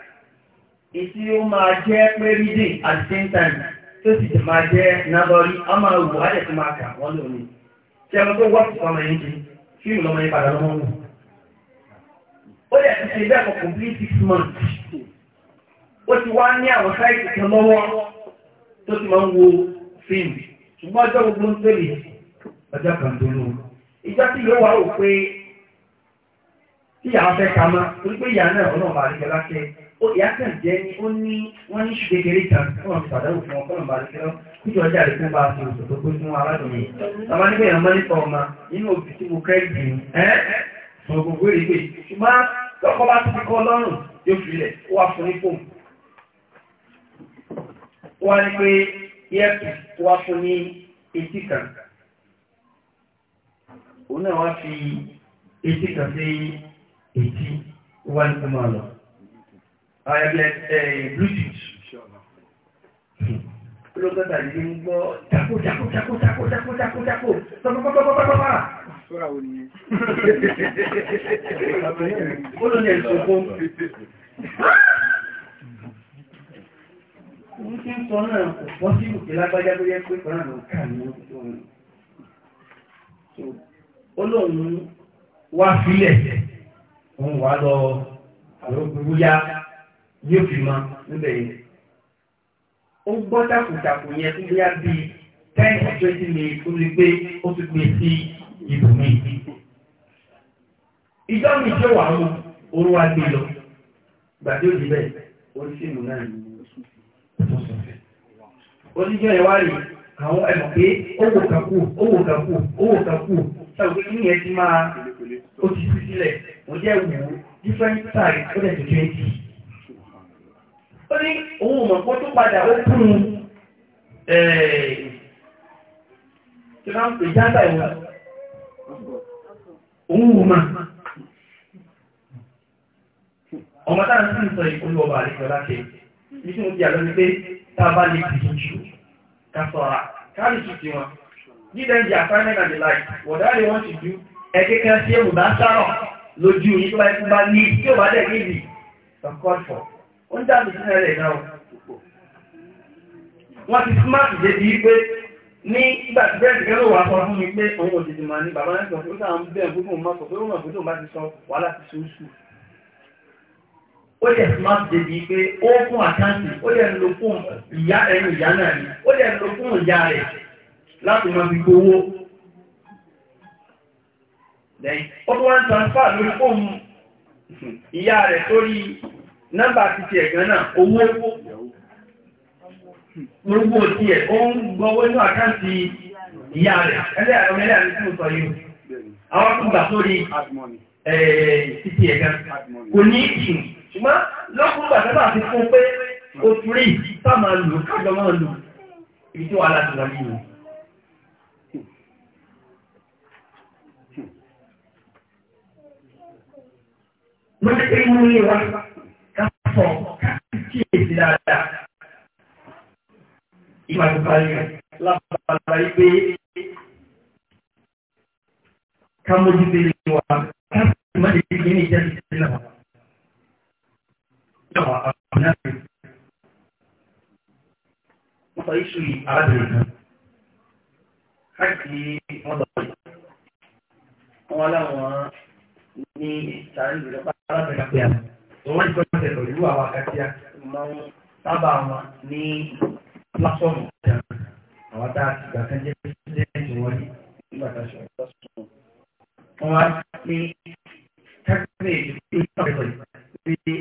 èsì ó máa jẹ́ pé at the same time tó sì ti máa jẹ́ nabọ́rí a máa wù á dẹ̀ tó máa kà wọ́n lò ní ṣe ẹni tó wọ́pù fún ọmọ yìí ti fíìmù lọ́mọ yìí padà lọ́wọ́ wù ó yẹ ti ṣe bẹ́ẹ̀ for complete six months ó ti wá ní wo fíìmù ṣùgbọ́n ọjọ́ gbogbo ń tẹ̀lé ọjọ́ kan tó lò ìjọ tí rò pé ó yà kàn jẹ́ ní ó ní wọ́n ní ṣùgbẹ́gẹ́rẹ́ kan wọ́n fi pàdánù fún ọkọ̀ lọ́mọ àdékẹ́rọ́ kújọ ọjà rẹ̀ fún bá fi òṣò tó pé fún aládùn yìí bàbá nígbà yẹn mọ́ nípa ọmọ nínú òbí tí mo kẹ́ gbìn ẹ́ ọ̀rọ̀ gbogbo èrè pé ṣùgbọ́n lọ́kọ́ bá tún kọ́ lọ́rùn yóò fi lẹ̀ ó wà fún ní fóònù ó wá ní pé yẹ́pù ó wá fún ní etí kan òun náà wá fi etí kan sí etí ó wá ní kó máa ayẹlẹ bluetooth olókọ́ta yìí ń gbọ́ jákó jákó jákó jákó jákó jákó jákó tọ́pọ́pọ́pọ́pọ́pọ́ sọ́ra wo nìyẹn ó ló lè sọ́kọ́
wọ́n ti ń sọ náà
kò bọ́ sí ìwòkè lágbájá tó yẹ pé kan náà kà ní ọdún olóhùn wá sílẹ̀ òun wà lọ àlọ́ gbogbo yá ní òbí ma níbẹ̀ yẹn ó gbọ́ dàkùdàkù yẹn tó bóyá bíi ten to twenty minutes ó lè gbé ó ti pè sí ibùmí ìjọ mi tí ó mú orú wa gbé lọ gbàdé òdì bẹ́ẹ̀ oníṣèlú náà àwọn ẹ̀mọ̀ pé owó owó owó ti máa ó ti sí sílẹ̀ wọ́n jẹ́ wù ú different size ó dẹ̀ tó twenty. ó ní òun mọ̀ pé tó padà ó kún un tí wọ́n ń pè jágbà ìwọ̀n òun wù mà ọmọ táà ń sì sọ ìpolú ọba àlejò láti ní tí mo ti àlọ́ pé tá lè kìí jù ká sọ̀ra ká lè tù sí wọn give them the assignment and the like whatever they want to do ẹ̀kẹ́kẹ́ sí ẹ̀mùbá sárọ̀ lójú yìí tó bá yẹ kó bá ní tí ò bá dẹ̀ níbi of God for ó ń dàbí sínú ẹ̀rẹ̀ náà wọ́n ti smart débi pé ní ìgbà tí bẹ́ẹ̀ tìkẹ́ ló wà sọ fún mi pé òun ò tètè máa ní bàbá náà sọ pé ó sàn ń bẹ̀rù pé òun máa sọ pé ó mọ̀ pé tóun bá ti sọ wàhálà ti ṣe oṣù ó yẹ smart débi pé ó fún àkáǹtì ó yẹ lo fún ìyá ẹnu ìyá náà ni ó yẹ lo fún ìyá rẹ̀ láti máa fi gbowó ó tún wá ń transfer lórí fóònù ìyá rẹ̀ sórí nọ́mbà ti ti ẹ̀gán náà owó owó orúgbó ti ẹ̀ ó ń gbọ́wọ́ inú àkáǹtì ìyá rẹ̀ ẹlẹ́ àwọn ẹlẹ́ àti tí ó sọ yìí àwọn tó gbà sórí títí ẹ̀gán kò ní ìṣù ṣùgbọ́n lọ́kùn gbà sábà fi fún pé o turi bá máa lò kájọ máa lò ibi tí wà láti lọ yìí Mo ní pé mú ní wá sọ kí èsì dáadáa. Ìgbà tó parí rẹ̀ lábàbà yìí
ká mójú tẹ̀lé wa ká sì má lè fi ní ìjẹ́sí sílẹ̀ wa. Ìjọba àwọn náà
wọ́n sọ iṣu yìí arábìnrin náà. Káàkiri wọ́n lọ sí. Wọ́n láwọn ní ìtàrí ìrọ̀pá arábìnrin náà pé àná. Wọ́n wá ní irú àwọn àkàtì sábà wọn ní pílásọ̀mù ìjà àwọn tá a ti gbà kan jẹ́ pẹ́sidẹ́ntì wọn ní nígbà tá a wọ́n wá ní kákìlẹ̀ ìdílé ìpàdé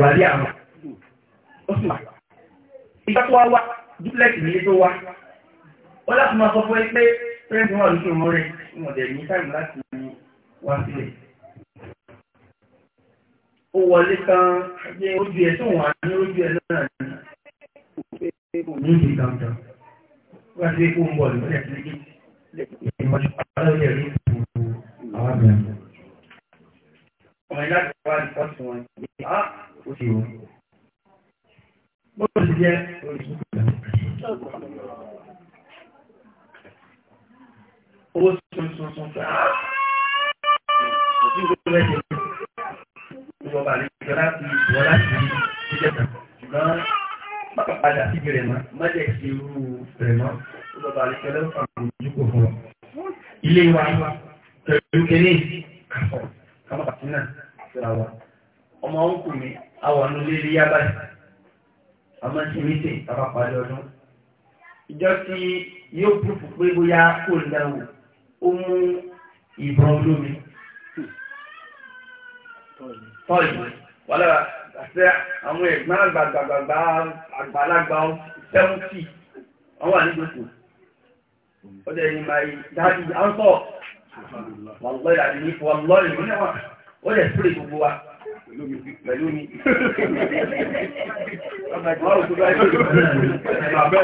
buhari àwọn ọ̀sùnmà ìgbà tó wá wá dúpẹ́lẹ̀tì nílé tó wá ó láti máa sọ fún ẹ pé pẹ́ẹ́ntì wọn lóṣù mọ́ rẹ̀ wọn dẹ̀ ní táìmù láti wá sílẹ̀ ó wọlé tán ó ju ẹ̀ tó wọn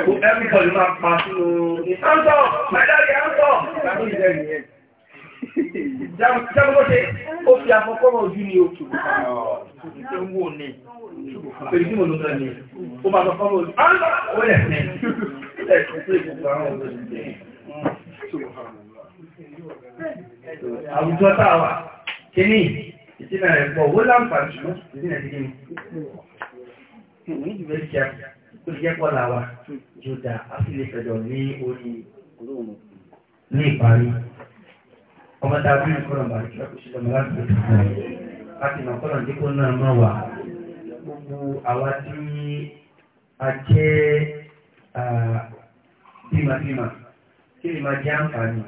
kó everybody máa pa sínú ìtàntọ̀ mẹ́lẹ́rì máa
fọ́kọ́rọ̀ ojú àńtọ̀ ó yẹ̀ ní ẹ̀kọ́ pé ìgbà àwọn ọ̀dọ́ àwùjọ ìsinmi rẹ̀ pọ̀ wó láǹfààní ó ti jẹ́ pọ̀lá wa yóò dá a sì lè fẹ̀dọ̀ ní orí ní ìparí ọmọ tá a bí nǹkan ọ̀bà kí wọ́n kó ṣe lọ́mọ láti ọ̀dọ̀ láti mọ̀ kọ́lọ̀ ní kó náà mọ̀ wá gbogbo àwa tí a jẹ́ bímabíma kí lè máa jẹ́ àǹfààní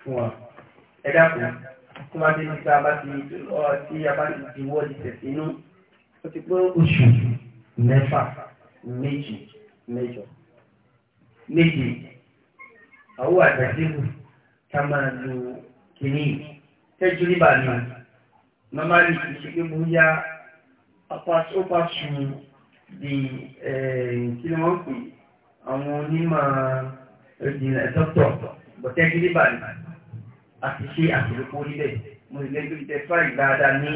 fún wa ẹ dákun tó bá dé nípa bá ti ọ tí a ti diwọ́ tẹ̀sínú ó ti pé oṣù mẹ́fà méjì mẹ́jọ méjì àwọn àtẹ̀síwù ká máa lo kìíní tẹ́jú rí bàmí normally ìṣe pé bóyá ó bá sun di eh, kí ni wọ́n pè àwọn onímọ̀ eh, ìdìnnà dọ́kítọ̀ bọ̀tẹ́jú rí bàmí àti ṣe àtìlókò níbẹ̀ mo lè gbé ìtẹ́fà ìdáadáa ní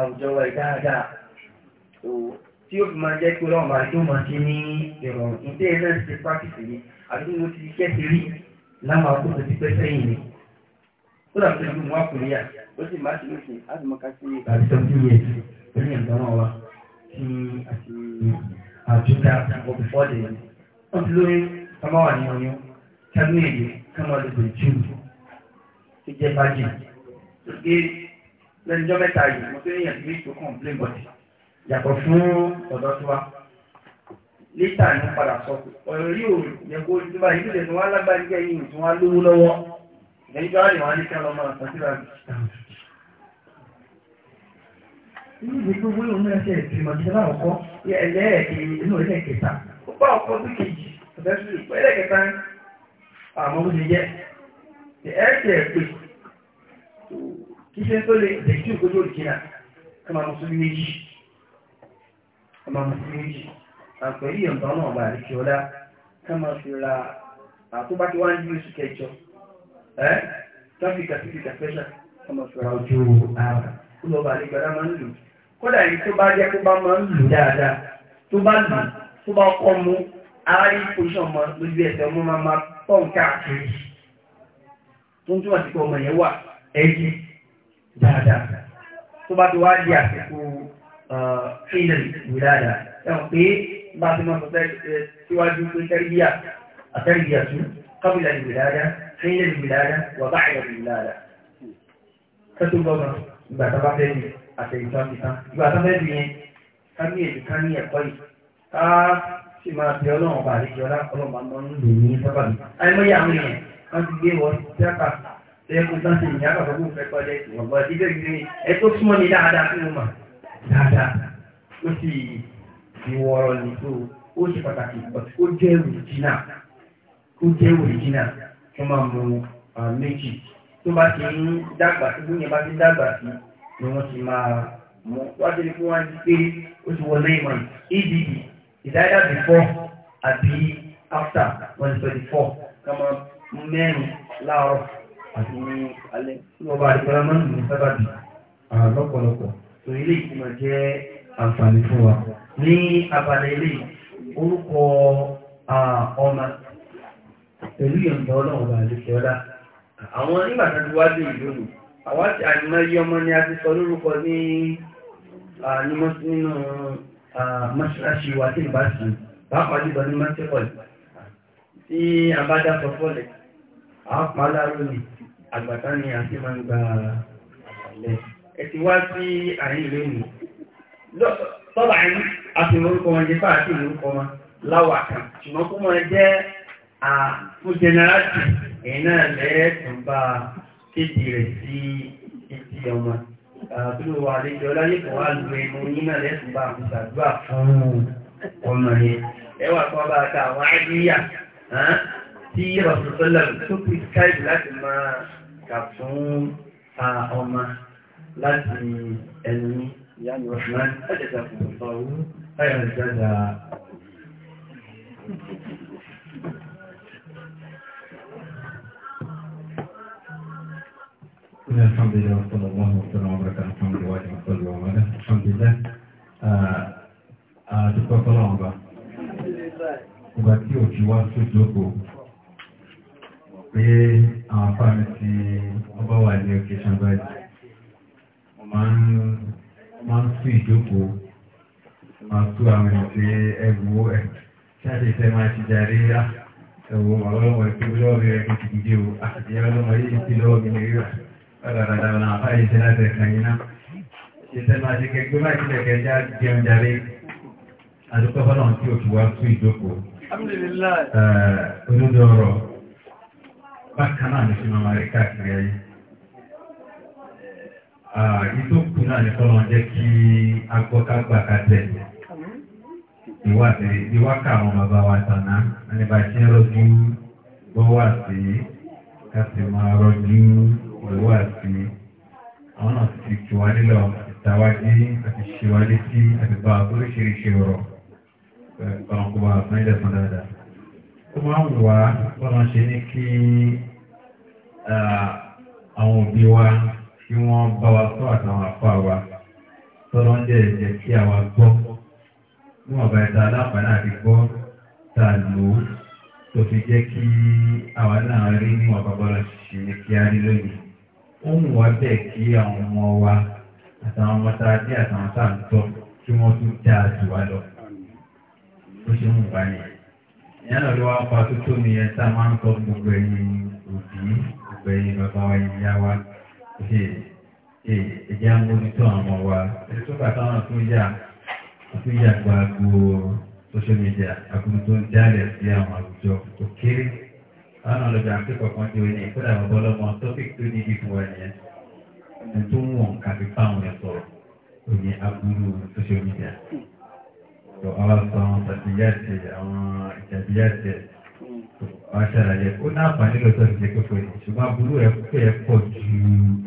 àwùjọ wa ìdáadáa tí ó fi máa jẹ́ pé ọlọ́run bá tó máa ṣe ní ìrọ̀rùn ìdí ẹ̀ náà ṣe pàkìtì ni àbí mo ti ṣiṣẹ́ ti rí láwọn àkókò ti pẹ́ sẹ́yìn ni ó dàbí ẹgbẹ́ mi wá kò níyà ó sì máa ṣe lóṣè láti mọ ká sí ìgbà àti tọ́jú yẹn lórí ìdáná wa tí àti àjúdá ọ̀pọ̀ fọ́ọ̀dì yẹn wọ́n ti lóyún ọmọ wà ní ọyún kábínú èdè kámọ́ lóko ìjú tó jẹ́ bájì lẹ́nu jọ́ mẹ́ta yìí mo yàtọ̀ fún ọ̀dọ́ tiwa lítà ní padà sọ ọ̀rọ̀ yìí ò yẹ kó tí bá ìdílé tí wọ́n lágbàá nígbà yìí tí wọ́n lówó lọ́wọ́ ẹni tó wọn ní kẹ́lọ́ máa tàn síra inú ìwé tó wúlò ní ẹsẹ̀ ìgbìmọ̀ ìjọba náà kọ́ ẹlẹ́ẹ̀kì inú ẹlẹ́ kẹta ó bá ọkọ̀ tó kejì ọ̀fẹ́ sí ẹlẹ́ kẹta àmọ́ bó ṣe jẹ́ ẹ̀ẹ́sẹ̀ pè kí ṣe tó lè dẹ̀kí ọmọ mùsùlùmí àpẹẹrí ìyọ̀ǹtàn náà bá àríkì ọlá ká máa fi ra àtúbá tí wọ́n ń yí oṣù kẹjọ ẹ́ tráfíkà sífíkà pẹ́ṣà ká máa fi ra ojú ara kó lọ́ọ́ bá àríkì ọlá máa ń lò kódà yìí tó bá jẹ́ kó bá máa ń lò dáadáa tó bá lò tó bá kọ́ mu aráyé pòṣọ̀ mọ lójú ẹsẹ̀ ọmọ máa máa pọ̀ nǹkan àkèrè tó ń túmọ̀ sí pé ọmọ yẹn wà ẹ̀yìn dáadáa tó bá ti wá di àsìkò ìnà ìwìláyà ẹ̀wọ̀n pé bá ti máa sọ́tẹ́ síwájú pé tẹ́rìyà àtẹ́rìyà tún kọ́bílà ìwìláyà ìnà ìwìláyà wà bá ìlà ìwìláyà kẹ́tù gbọ́nà ìgbà tó bá fẹ́ mi àtẹ̀yìntàn nìkan ìgbà tó fẹ́ mi yẹn ká ní èdè ká ní ẹ̀kọ́ yìí ká sì máa bẹ ọlọ́run bá àlejò ọlá ọlọ́run máa ń lò ní sábàbí àìmọye àwọn èèyàn wọ́n ti gbé wọ́n sí dáadáa ó sì ìwọ ọ̀rọ̀ ní tó ó ṣe pàtàkì ó jẹ́ òrìjínà ó jẹ́ òrìjínà tó máa mú méjì tó bá ti ń dàgbà sí bóyá bá ti dàgbà sí ni wọ́n ti máa mú wá sí fún wọn pé ó ti wọlé ìmọ̀ ìdìbì e ìdáyà before àbí after one twenty four ká máa mú mẹ́rin láàárọ̀ àti ní alẹ́ tí wọ́n bá àdìgbọ́lá máa ń lò lọ́pọ̀lọpọ̀ tó ilé ìkùnmọ̀ jẹ́ àǹfààní fún wa ní abalẹ̀ ilé orúkọ ọmọ pẹ̀lú ìyọ̀ǹda ọlọ́run bá àdéṣe ọlá àwọn nígbà tó ti wá dé ìlú nù àwọn àti àìmọye ọmọ ni a ti sọ lórúkọ ní nínú mọ́ṣáláṣí wa tí ìbá sí pàápàá jùlọ ní mọ́ṣẹ́kọ̀lì tí a bá dá sọ fọ́lẹ̀ àápàá láró ni àgbàtà ni a ti máa ń gba àlẹ́ ẹ̀tì wá sí àárín ìlú ìlú sọ́là ẹni àti orúkọ wọn jẹ́ bá àti orúkọ wọn láwà kan ṣùgbọ́n kó máa jẹ́ fún jẹnẹrátì ẹ̀yìn náà lẹ́ẹ̀tún bá kéde rẹ̀ sí etí ọmọ àbúrò wa àlejò ọláyẹ̀kọ̀ wá lu ẹnu yín náà lẹ́ẹ̀tún bá àbúṣàdúrà fún ọmọ yẹn ẹwà kan bá ta àwọn àdíyà tí rọ̀sọ̀sọ́lá tó kí skype láti máa kà fún ọmọ láti ẹnu ìyáni Rahman ẹ̀jẹ̀ta fún ìfọwọ́ báyọ̀ ìjọba. الحمد لله وصلى الله وسلم وبارك على محمد وعلى اله وصحبه ومن الحمد لله àdúgbò ọlọ́run bá ọgbà tí ò ti wá sójúlógbò pé àwọn afáàmì tí ọba wà ní òkè ṣàgbáyé máa ń sún ìjókòó máa tú àwọn èèyàn pé ẹgbù ẹ̀ ṣáàdì ìfẹ́ máa ti jàrí rà ah, ẹ̀wọ̀n ọlọ́mọ ìpín lọ́wọ́ mi rẹ̀ kìí dìde o àti ah, ọlọ́mọ yìí ìpín lọ́wọ́ mi rírà ọ̀dàdàdà ọ̀nà àbáyé ṣe láti ẹ̀ka yìí náà ṣe máa ṣe kẹgbẹ́ máa ṣílẹ̀ kẹjá jẹun jàrí àdúgbò fọ́nà tí o ti wá tú ìjókòó olódò ọ̀rọ̀ bákan náà ní fi máa rí káàkiri ayé ìtókù náà ní kọ́lọ̀ jẹ́ kí agbọ́kágbà ká tẹ̀lé ìwákà àwọn bàbá wa tàná ẹni bá ṣe ń rọjú gbọ́wà sí ká sì máa rọjú ìwà sí àwọn náà ti tù wá nílọ ìtawájí àti ṣèwádé sí àgbègbè oríṣiríṣi ọ̀rọ̀ ọ̀nkọ̀bà àfẹ́lẹ̀ fún dáadáa. ó máa ń wà bọ́lá ṣe ní kí àwọn òbí wa kí wọ́n bá wa sọ àtàwọn àfa wa tọ́lọ́ ń jẹ́ ẹ̀jẹ̀ kí àwa gbọ́ níwọ̀n bá ẹ̀ta aláǹfààní àti gbọ́ ta lò ó tó fi jẹ́ kí àwa náà rí níwọ̀n bàbára ṣì ní kí á rí lónìí. ó ń wá bẹ́ẹ̀ kí àwọn ọmọ wa àtàwọn ọmọ tá a dé àtàwọn tá à ń tọ́ kí wọ́n tún dá a jù wá lọ. ó ṣe ń wá yẹn. ìyá náà ló wá pa tó tó mi yẹn tá a máa ń tọ́ gbogbo ẹ̀yin òbí gbogbo ẹ̀yin bàbá wa ìyá wa ẹ̀jẹ̀ amójútó àwọn wa ẹ̀jẹ̀ tó bàtà wọn tó yà tó yà gba agbo social media agbóhùn tó ń jálẹ̀ sí àwọn àwùjọ tó kéré àwọn ọlọ́jà akẹ́kọ̀ọ́ kan ti wọ́n yẹn kódà àwọn ọlọ́mọ tọ́pìkì tó níbi fún wa nìyẹn ẹni tó ń wọ̀n kàbí fáwọn ẹ̀ sọ̀rọ̀ òní agbóhùn social media tó àwọn sọ àwọn tàbíyàtì àwọn ìtàbíyàtì wọ́n ṣàlàyé ó náà fà nílò tó ti ṣe pé fún ẹ̀ ṣùgbọ́n aburú ẹ̀ pọ̀ ju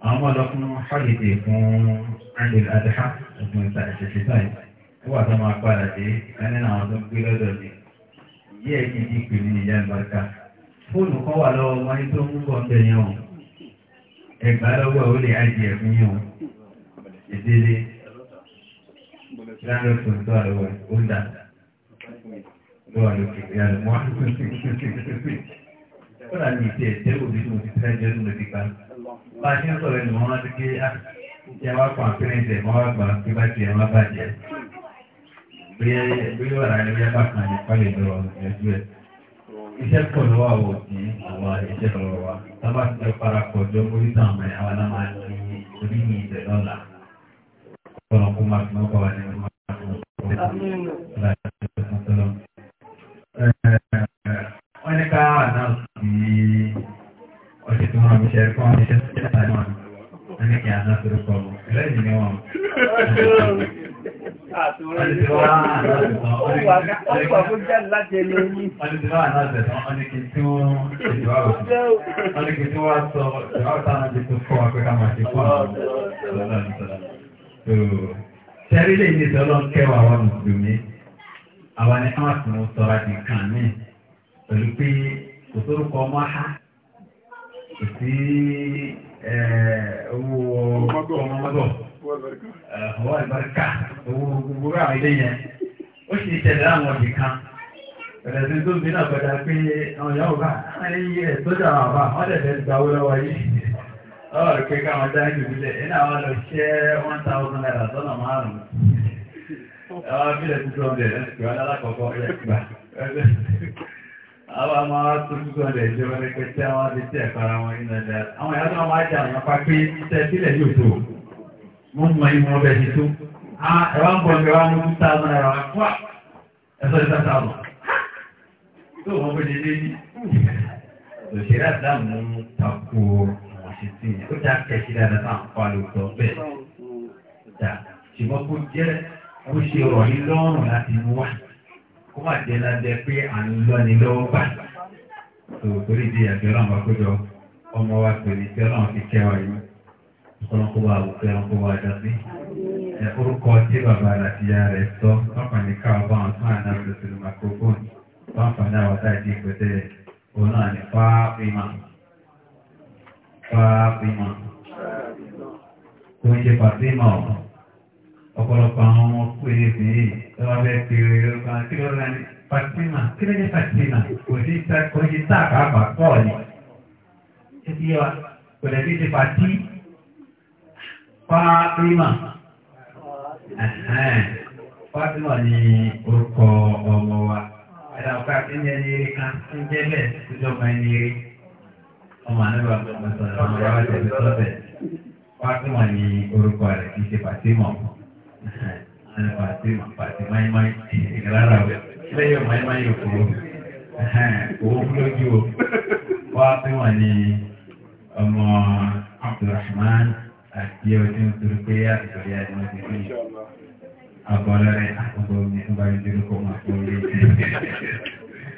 àwọn ọmọdé fún hálìdè fún angel adha ọdún ìta ìṣẹ̀ṣẹ̀ báyìí ó wà tó máa padà dé ìkan nínú àwọn tó ń gbé lọ́dọ̀ mi yíyẹ kí n pè ní ìyá ìbáríkà fóònù kan wà lọ́wọ́ wọn tó ń dà ló lókè ìyá mọ́ bá a ti ń sọ̀rọ̀ ẹnìmọ́ wọn ti gé ìjẹ́ wá kan àpẹẹrẹsì ẹ̀mọ́ wá gbà pé bá ti ẹ̀mọ́ bàjẹ́ bí ó rà ní bí a bá kan ní pálí lọ ẹ̀jú ẹ̀. iṣẹ́ pọ̀ ló wà wò ní àwọn iṣẹ́ lọ́wọ́ wa tábà ti jọ parapọ̀ jọ orí táwọn ẹ̀ àwọn náà máa ní orí ní ìtẹ̀ lọ́la ọ̀nà kó máa fi mọ́kọ̀ wá ní ọmọ ó sì tún rán mi ṣe kọ́ mi ṣe sí ẹ̀ta náà wọ́n ní kí a náà torí kọ́ mọ́ ẹlẹ́yìn ni wọ́n.
Wọ́n ti wá àná ọ̀sẹ̀
tán, wọ́n ní kí tí wọ́n ìjọ àwòsàn, wọ́n ní kí tí wọ́n sọ ìjọ àwòsàn náà ti tún fún wa pé ká máa ṣe fún àwọn ọ̀sán náà. Ṣẹ́rí lè ní ìtọ́lọ́ kẹwàá wa Mùsùlùmí, àwa ni káwọn sì mú sọ́ra di kàn mí, pẹ̀lú pé kò sórúkọ ọmọ ha. sí owó ọgbọ́dọ̀ owó àlùbáríkà owó gbogbo àwọn ilé yẹn ó sì ṣẹlẹ̀ àwọn ọ̀dì kan bẹ̀rẹ̀ sí tó bí náà gbọ́dá pé àwọn ìyá ọ̀gá ayé ah, ẹ̀ tó jà àwọn àbá wọ́n dẹ̀ fẹ́ gba owó lọ́wọ́ yìí ọ̀rọ̀ pé àwọn ọmọ tuntun rẹ̀ ṣe wọlé pé tí àwọn ti tẹ̀ fara wọn nínú ẹ̀dá àwọn ìyá náà máa jà wọn pa pé iṣẹ́ sílẹ̀ yóò tó mo mọ ìmọ̀ ọbẹ̀ ti tó ẹ̀wà ń bọ̀ ní ẹ̀wà mú tá a náírà wá wá ẹ̀sọ́ ìta tá a bọ̀ tó wọn bó ṣe dé ní òṣèré àdáàmú tako àwọn ṣètì ó dá kẹ̀kí dáadáa tá à ń pa lóòótọ́ bẹ́ẹ̀ dá ṣùgbọ́n kó jẹ́ bó ṣe rọ̀ ní lọ́rùn láti mú wá kó má jẹ́ ládẹ́ pé à ń lọ́ni lọ́wọ́ gbà. Torí ìdí àjọ náà bá kójọ ọmọ wa pèlè tí ọlọ́run fi kẹ́ wa yìí. Ọlọ́run kó bá wù pé ọlọ́run kó bá dá sí. Orúkọ tí bàbá àti ìyá rẹ̀ sọ, wọ́n kàn ní káwọn bá wọn tún àná lọ sílùú microphone. Wọ́n fà ní àwọn táyì ìpẹ́tẹ́ òun náà ní fáfímà. Fáfímà. Kò ń ṣe fàfímà ọ̀hún ọ̀pọ̀lọpọ̀ àwọn ọmọ pérébì yìí lọ́wọ́ bẹ́ẹ̀ kiri yorùbá kí ló rẹ̀ ní fatima kí ló ní fatima kò sí kò sí sáàkà àgbà bọ́ọ̀lì títí yẹ wa kò lè fi ti fati fatima fatima ni orúkọ ọmọ wa ẹ̀dá ọ̀ká tí ń jẹ́ ní eré kan ń jẹ́ bẹ́ẹ̀ títí ọmọ ẹni eré ọmọ anábà ọmọ sọ̀rọ̀ ọmọ wa ti fi sọ́bẹ̀ fatima ni orúkọ rẹ̀ kì í ṣe fatima ọ̀pọ̀ pàtí pàtí máìmáì rárá mai mai, máìmáì òkú owó lójú o wá pé wọ́n ní ọmọ Abdulrahman àti ọdún torí pé àtìsọ̀rí àdìmọ́ ti fi àbọ̀lọ́rẹ̀ àkọ́kọ́ ní ọba ìdúró kọ́ máa fọ́ lórí.